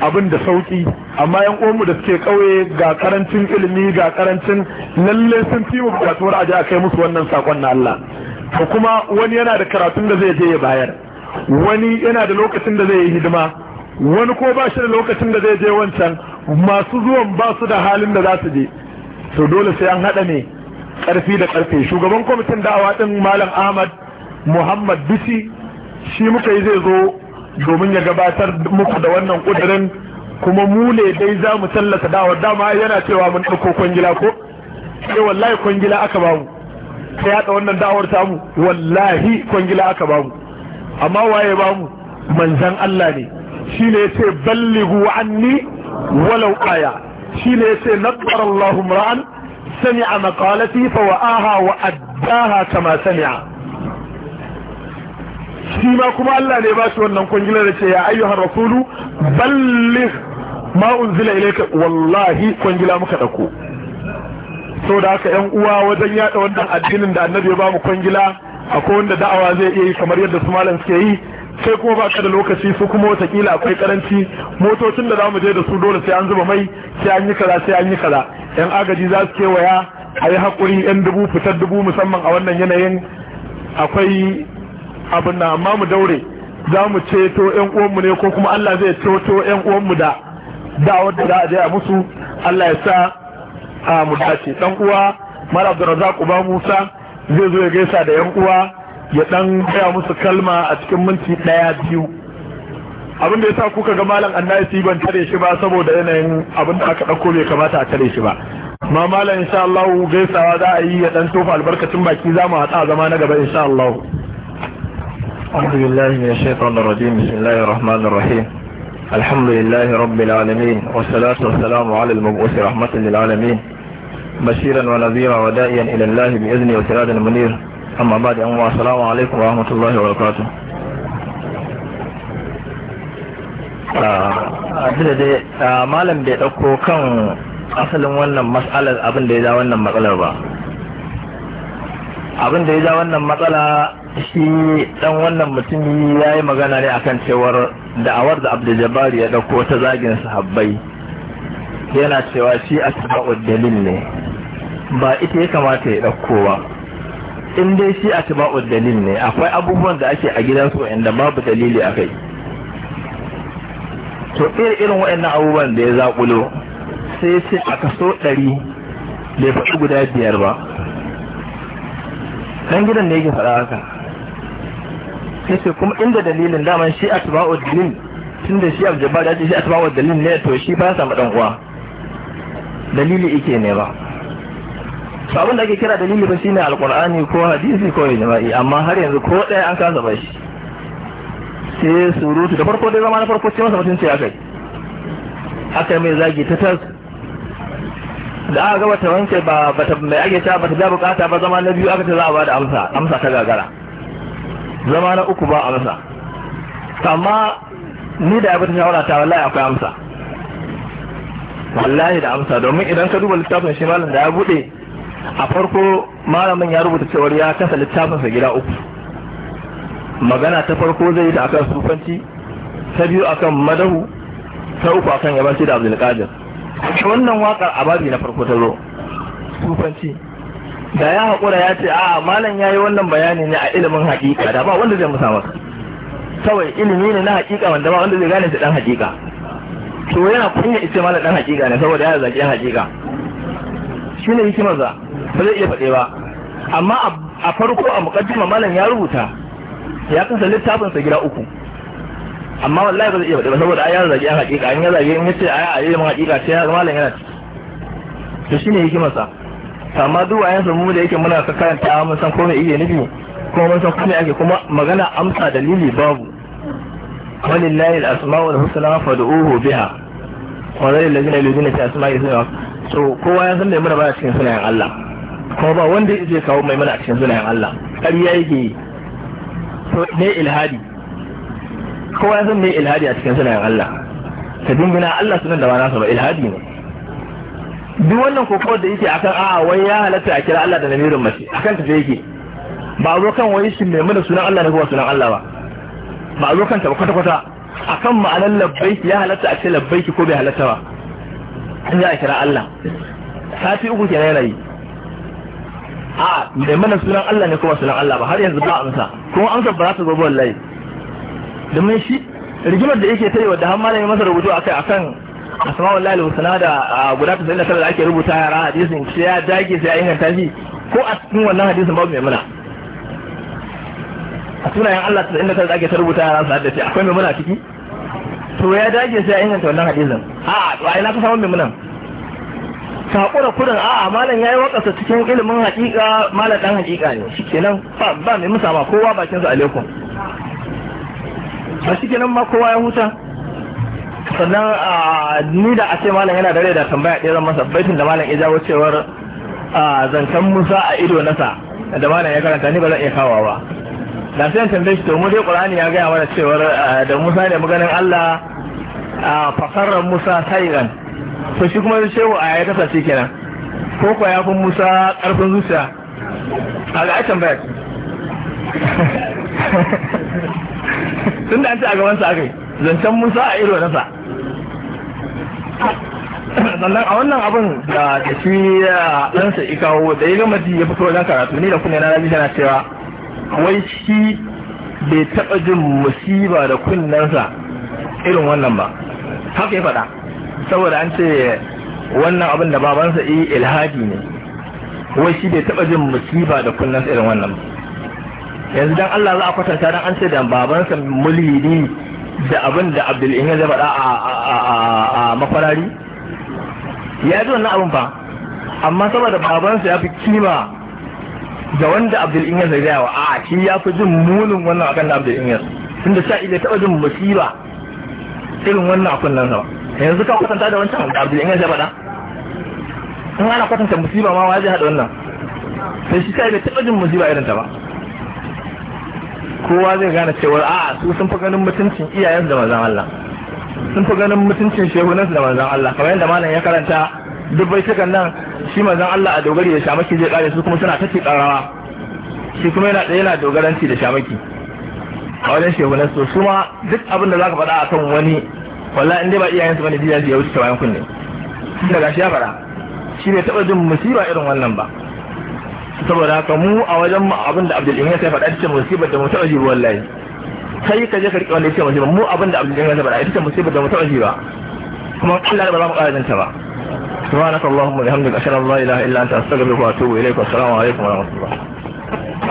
abin da sauki amma yan uwan mu da suke kauye ga karancin ilimi ga karancin lalle sun fi bukatuwar aji a kai musu wannan sakon na Allah to kuma wani yana da karatun da zai je ya bayar wani yana da lokacin da zai yi hidima wani ko ba shi da lokacin da zai je wancan masu zuwan ba su da halin da za su je to dole sai an haɗa ne ƙarfi da ƙarfe shugaban kwamitin da'awa ɗin malam ahmad muhammad bisi shi muka yi zai zo domin ya gabatar muku da wannan ƙudurin kuma mu ne dai za mu tallata da'awar dama yana cewa mun ɗauko kwangila ko sai eh, wallahi kwangila aka bamu sai haɗa wannan da'awar tamu wallahi kwangila aka bamu amma waye bamu manzan Allah ne ne yace balligu anni walau aya shine yace nabbara Allahu ra'an sami'a maqalati fa wa'aha wa addaha kama sami'a shi ma kuma Allah ne ba shi wannan kungila da ce ya ayyuhar rasulu balligh ma unzila ilayka wallahi kungila muka dauko sau da haka yan uwa wajen yada wannan addinin da annabi ya ba mu kwangila akwai wanda da'awa zai iya yi kamar yadda su malam suke yi sai kuma baka da lokaci su kuma watakila akwai karanci motocin da zamu je da su dole sai an zuba mai sai an yi kaza sai an yi kaza yan agaji za su kewaya a yi haƙuri yan dubu fitar dubu musamman a wannan yanayin akwai abin na amma mu daure za mu ceto yan uwanmu ne ko kuma Allah zai ceto yan uwanmu da dawar da za a je a musu Allah ya sa a mu dace dan uwa mara Abdulrazak Uba Musa zai zo ya gaisa da yan uwa ya dan gaya musu kalma a cikin minti daya biyu abin da yasa kuka ga malam annabi ban tare shi ba saboda yanayin abin da aka dauko bai kamata a tare shi ba amma malam insha Allah gaisawa za a yi ya dan tofa albarkacin baki za mu hada zama na gaba insha Allah أعوذ بالله من الشيطان الرجيم بسم الله الرحمن الرحيم الحمد لله رب العالمين والصلاة والسلام على المبعوث رحمة للعالمين بشيرا ونذيرا ودائيا إلى الله بإذنه وسرادا منير amma ba da yan wa salamu alaikum wa rahmatullahi wa barakatuh ah, da dai ah, malam bai dauko kan asalin wannan matsalar abin da ya za wannan matsalar ba abin da ya za wannan matsala shi dan wannan mutum ya yi magana ne akan cewar da'awar da abdul ya dauko ta zagin sahabbai yana cewa shi a dalil ne ba ita ya kamata ya dauko ba in dai shi a ba'u dalil ne akwai abubuwan da ake a su inda babu dalili a kai to irin irin waɗannan abubuwan da ya zaƙulo sai sai a kaso ɗari bai faɗi guda biyar ba kan gidan ne yake faɗa haka sai sai kuma inda dalilin daman shi a taba'ul dalil tun da shi abu jabba da shi a taba'ul dalil ne to shi ba sa maɗan uwa dalili ike ne ba to abin da ake kira dalili ba shine alkur'ani ko hadisi ko jama'i amma har yanzu ko ɗaya an kasa bashi sai surutu da farko dai zama na farko ce masa mutunci akai akai mai zagi ta tas da aka gaba ta wanke ba bata mai ake ta bata da bukata ba zama na biyu aka ta za a bada amsa amsa ta gagara zama na uku ba amsa amma ni da abin shawara ta wallahi akwai amsa wallahi da amsa domin idan ka duba littafin shi malam da ya bude a farko malamin ya rubuta cewar ya kasa littafinsa gida uku magana ta farko zai yi da akan sufanci ta biyu akan madahu ta uku akan yabanci da abdulkadir wannan waƙar a babi na farko ta zo sufanci da ya haƙura ya ce a malam ya yi wannan bayani ne a ilimin haƙiƙa da ba wanda zai musa masa kawai ilimi ne na haƙiƙa wanda ba wanda zai gane shi ɗan haƙiƙa to yana kunya ice malam ɗan haƙiƙa ne saboda ya zaki ɗan haƙiƙa shi ne hikimar ba zai iya faɗe ba amma a farko a mukaddima malam ya rubuta ya kasa littafin sa gida uku amma wallahi ba zai iya faɗe ba saboda ai ya zage a hakika in ya zage in yace a yi mun hakika sai ya malam yana to shine yake masa amma duk wayan mu da yake muna ka karanta mun san ko me yake nufi kuma mun san kuma ake kuma magana amsa dalili babu walillahi al-asma'ul husna fad'uhu biha wa zalil ladina yulidina fi asma'ihi so kowa ya san da mura ba cikin sunayen Allah kuma ba wanda zai kawo mai mana a cikin sunayen Allah ƙarya yake to ne ilhadi kowa ya san ne ilhadi a cikin sunayen Allah ta dingina Allah sunan da ba nasa ba ilhadi ne duk wannan kokowar da yake akan a'a wai ya halatta a kira Allah da namirin mace akan ta yake ba zo kan wai shi mai mana sunan Allah ne kuma sunan Allah ba ba zo kan ta ba kwata kwata akan ma'anar labbaiki ya halatta a ce labbaiki ko bai halatta ba in za a kira Allah sati uku kenan yana yi a da mana sunan Allah ne kuma sunan Allah ba har yanzu ba amsa kuma amsa ba za ta zo wallahi domin shi rigimar da yake tayi wadda har malami masa rubutu akai akan asma wallahi al-husna da guda 99 da ake rubuta yara hadisin shi ya dage sai ya inganta shi ko a cikin wannan hadisin babu mai muna a sunayen Allah 99 da ake ta rubuta yara su haddace akwai mai muna ciki to ya dage sai ya inganta wannan hadisin A'a, to ai na ka samu mai munan takura a a'a malam yi wakasa cikin ilimin hakika malam dan hakika ne shikenan ba ba mai musa ma kowa bakin su alaikum ba shikenan ma kowa ya huta sannan ni da a ce malam yana dare da tambaya ɗaya zan masa baitin da malam ya jawo cewar zancen musa a ido nasa da malam ya karanta ni ba zan iya kawo ba da sai tambaye shi to mu dai qur'ani ya gaya mana cewar da musa ne maganin allah fasarar musa sairan to shi kuma shehu a ya kasa ce kenan ko kuwa ya fi musa karfin zuciya a ga aishan bayar tunda an ci a sa a kai zancen musa a ido nasa sannan a wannan abin da ta shi ɗansa ikawo da ya gama ji ya fito wajen karatu ni da kuna na rabi tana cewa wai shi bai taɓa jin musiba da kunnensa irin wannan ba haka ya faɗa saboda an ce wannan abin da babansa yi ilhadi ne wai shi bai taba jin musiba da kunnan irin wannan yanzu dan Allah za a kwatanta dan an ce da babansa mulhidi da abin da Abdul Ihya ya faɗa a mafarari ya ji wannan abin fa amma saboda babansa ya fi kima da wanda Abdul Ihya zai gaya wa a shi ya fi jin munin wannan akan da Abdul Ihya tunda sai ya taba jin musiba irin wannan a kunnan sa yanzu ka kwatanta da wancan abu in gaje bada in ana kwatanta musiba ma waje hada wannan sai shi kai bai taɓa jin musiba irin ta ba kowa zai gane cewa a su sun fi ganin mutuncin iyayen da manzan Allah sun fi ganin mutuncin shehunan da manzan Allah kamar yadda malam ya karanta duk bai nan shi manzan Allah a dogari da shamaki zai kare su kuma suna ta karawa shi kuma yana da yana dogaranci da shamaki a wajen shehunansu su ma duk abin da zaka faɗa akan wani wallahi in dai ba iyayen su bane biya ya wuce tawayen kunne tunda gashi ya fara shi bai taba jin musiba irin wannan ba saboda haka mu a wajen mu abin da Abdul Iman ya faɗa ita musibar da mu taba ji wallahi sai ka je ka rike wanda yake musibar mu abin da Abdul Iman ya faɗa ita musibar da mu taba ji ba kuma Allah ba za mu ƙara jin ta ba سبحانك اللهم وبحمدك اشهد ان لا اله الا انت استغفرك واتوب اليك والسلام عليكم ورحمه الله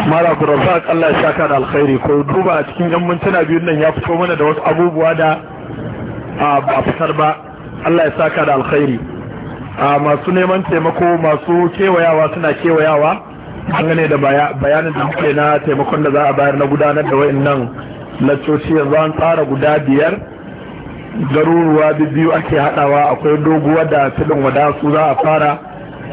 mara ku rabbak Allah ya saka da alkhairi ko duba cikin yan mintuna biyu nan ya fito mana da wasu abubuwa da ba fitar ba Allah ya saka da alkhairi masu neman taimako masu kewayawa suna kewayawa an gane da bayanin da muke na taimakon da za a bayar na gudanar da nan lacoci yanzu an tsara guda biyar garuruwa biyu ake hadawa akwai doguwa da filin wadasu za a fara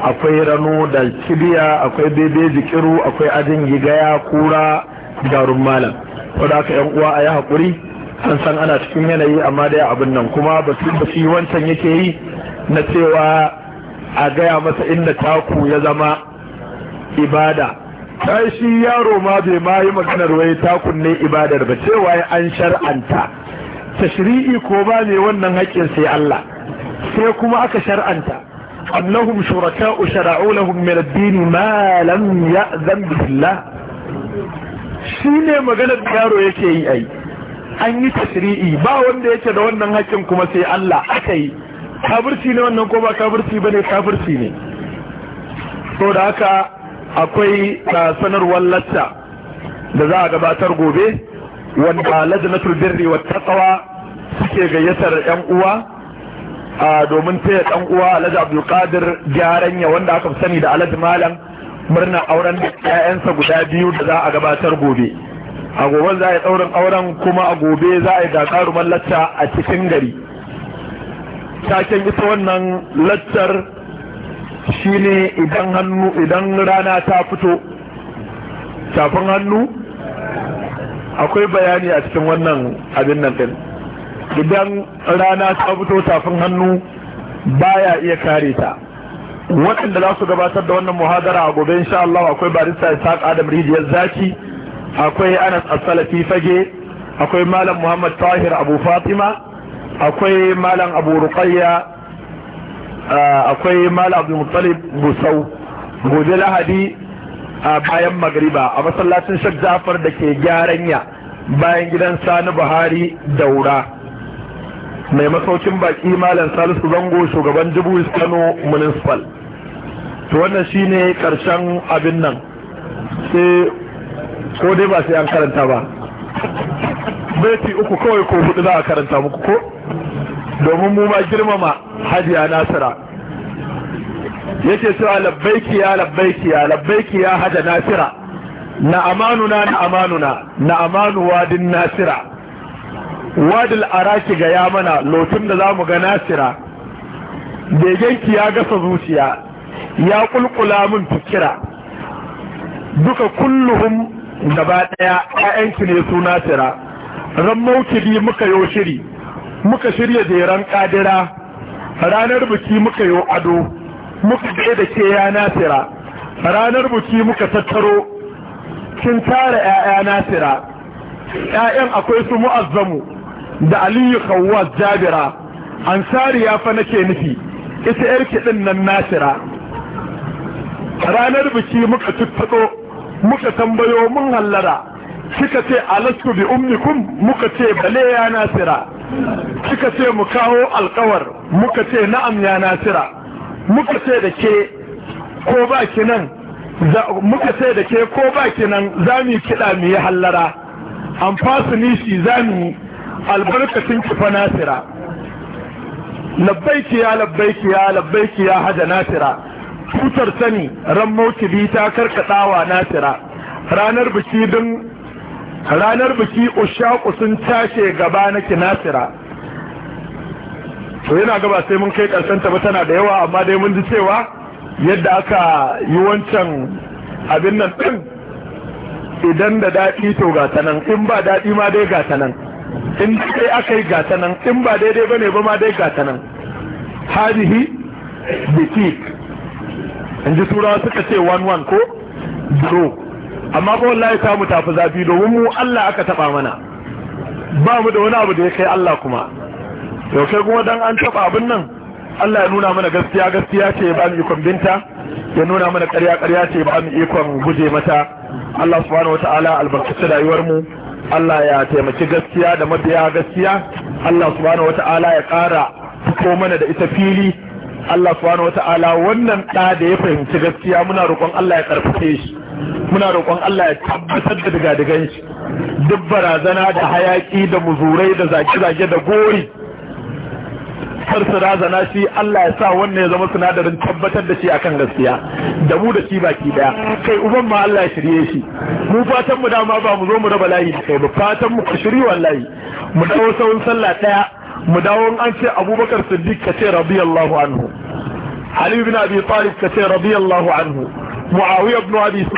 akwai rano da kibiya akwai bebe jikiru akwai ajin gigaya kura garun malam wadda aka yan uwa a yi haƙuri an san ana cikin yanayi amma dai abin nan kuma ba su yi wancan yake yi na cewa a gaya masa inda taku ya zama ibada sai shi yaro ma bai ma yi maganar wai takun ne ibadar ba cewa ya an shar'anta tashri'i ko ba ne wannan haƙƙin sai Allah sai kuma aka shar'anta annahum shuraka'u shara'u lahum min ad-din ma lam ya'zan billah shine maganar yaro yake yi ai an yi tasiri'i ba wanda yake da wannan hakkin kuma sai Allah aka yi kafirci ne wannan ko ba kafirci ne kafirci ne to da haka akwai ah, sanarwar latta da za a gabatar gobe wanda na birri wa taqwa suke gayyatar yan uwa ah, domin taya dan uwa Alhaji Abdul Qadir Gyaranya wanda aka sani da Alhaji Malam murnar auren da 'ya'yansa guda biyu da za a gabatar gobe a gobe za a yi ɗaurin auren kuma a gobe za a yi karuman latta a cikin gari taken ita wannan lattar shine idan hannu idan rana ta fito tafin hannu akwai bayani a cikin wannan abin nan din idan rana ta fito tafin hannu baya iya kare ta waɗanda za su gabatar da wannan muhadara a gobe insha Allah akwai barista Isaac da Rijiyar Zaki akwai anas asalafi fage akwai malam muhammad tahir abu fatima akwai malam abu ruqayya ah, akwai malam abu busau gobe lahadi a ah, bayan magriba a masallacin shak jafar da ke ya bayan gidan sani buhari daura mai masaukin baki malam salisu zango shugaban jibu kano municipal to wannan shine karshen abin nan sai ko dai ba sai an karanta ba beti uku kawai ko hudu za a karanta muku ko domin mu ma girmama hajiya nasira yake cewa labbaiki ya labbaiki ya labbaiki ya haja nasira na amanuna na amanuna na amanu wadin nasira wadil araki ga ya mana lotun da za mu ga nasira begenki ya gasa zuciya ya kulkula min fikira duka kulluhum gaba ɗaya ƴaƴanki ne suna tira ran maukidi muka yo shiri muka shirya zeren kadira ranar biki muka yo ado muka je da ke ya Nasira. ranar biki muka tattaro kin tara ƴaƴa Nasira. 'Ya'yan ƴaƴan akwai su mu'azzamu da aliyu khawwas jabira ansari ya fa nake nufi ita yar kiɗin nan nasira ranar biki muka tuttaɗo muka tambayo mun hallara kika ce alastu bi ummikum muka ce bale ya nasira kika ce mu kawo alkawar muka ce na'am ya nasira muka ce da ke ko ba ki nan muka ce da ke ko ba ki nan za kiɗa mu yi hallara an fasu nishi za albarkacin kifa nasira labbaiki ya labbaiki ya labbaiki ya haja nasira tutar sani ran maukibi ta karkadawa nasira ranar biki din ranar biki ushaku sun tashe gaba na kinasira to yana gaba sai mun kai karshen ta tana da yawa amma dai mun ji cewa yadda aka yi wancan abin nan din idan da daɗi to ga ta nan in ba daɗi ma dai ga ta nan in dai aka yi ga ta nan in ba daidai ba ne ba ma dai ga ta nan hadihi bitik in ji turawa suka ce 1-1 ko draw amma ko wallahi samu tafi zafi domin mu Allah aka taba mana ba mu da wani abu da ya kai Allah kuma yau kai kuma dan an taba abin nan Allah ya nuna mana gaskiya gaskiya ce ba mu ikon binta ya nuna mana ƙarya ƙarya ce ba mu ikon guje mata Allah subhanahu wataala albarkaci rayuwar mu Allah ya taimaki gaskiya da mabiya gaskiya Allah subhanahu wataala ya ƙara fito mana da ita fili Allah subhanahu wata'ala wannan ɗa da ya fahimci gaskiya muna roƙon Allah ya ƙarfafe shi muna roƙon Allah ya tabbatar da daga shi duk barazana da hayaƙi da muzurai da zage-zage da gori har su razana shi Allah ya sa wannan ya zama sinadarin tabbatar da shi akan gaskiya da mu da shi baki daya kai uban ma Allah ya shirye shi mu fatan mu dama ba mu zo mu raba layi da kai ba fatan mu ku wa wallahi mu dawo sauran sallah daya mu dawo an ce abubakar siddiq ka ce radiyallahu anhu ali ibn abi talib ka ce radiyallahu anhu muawiya ibn abi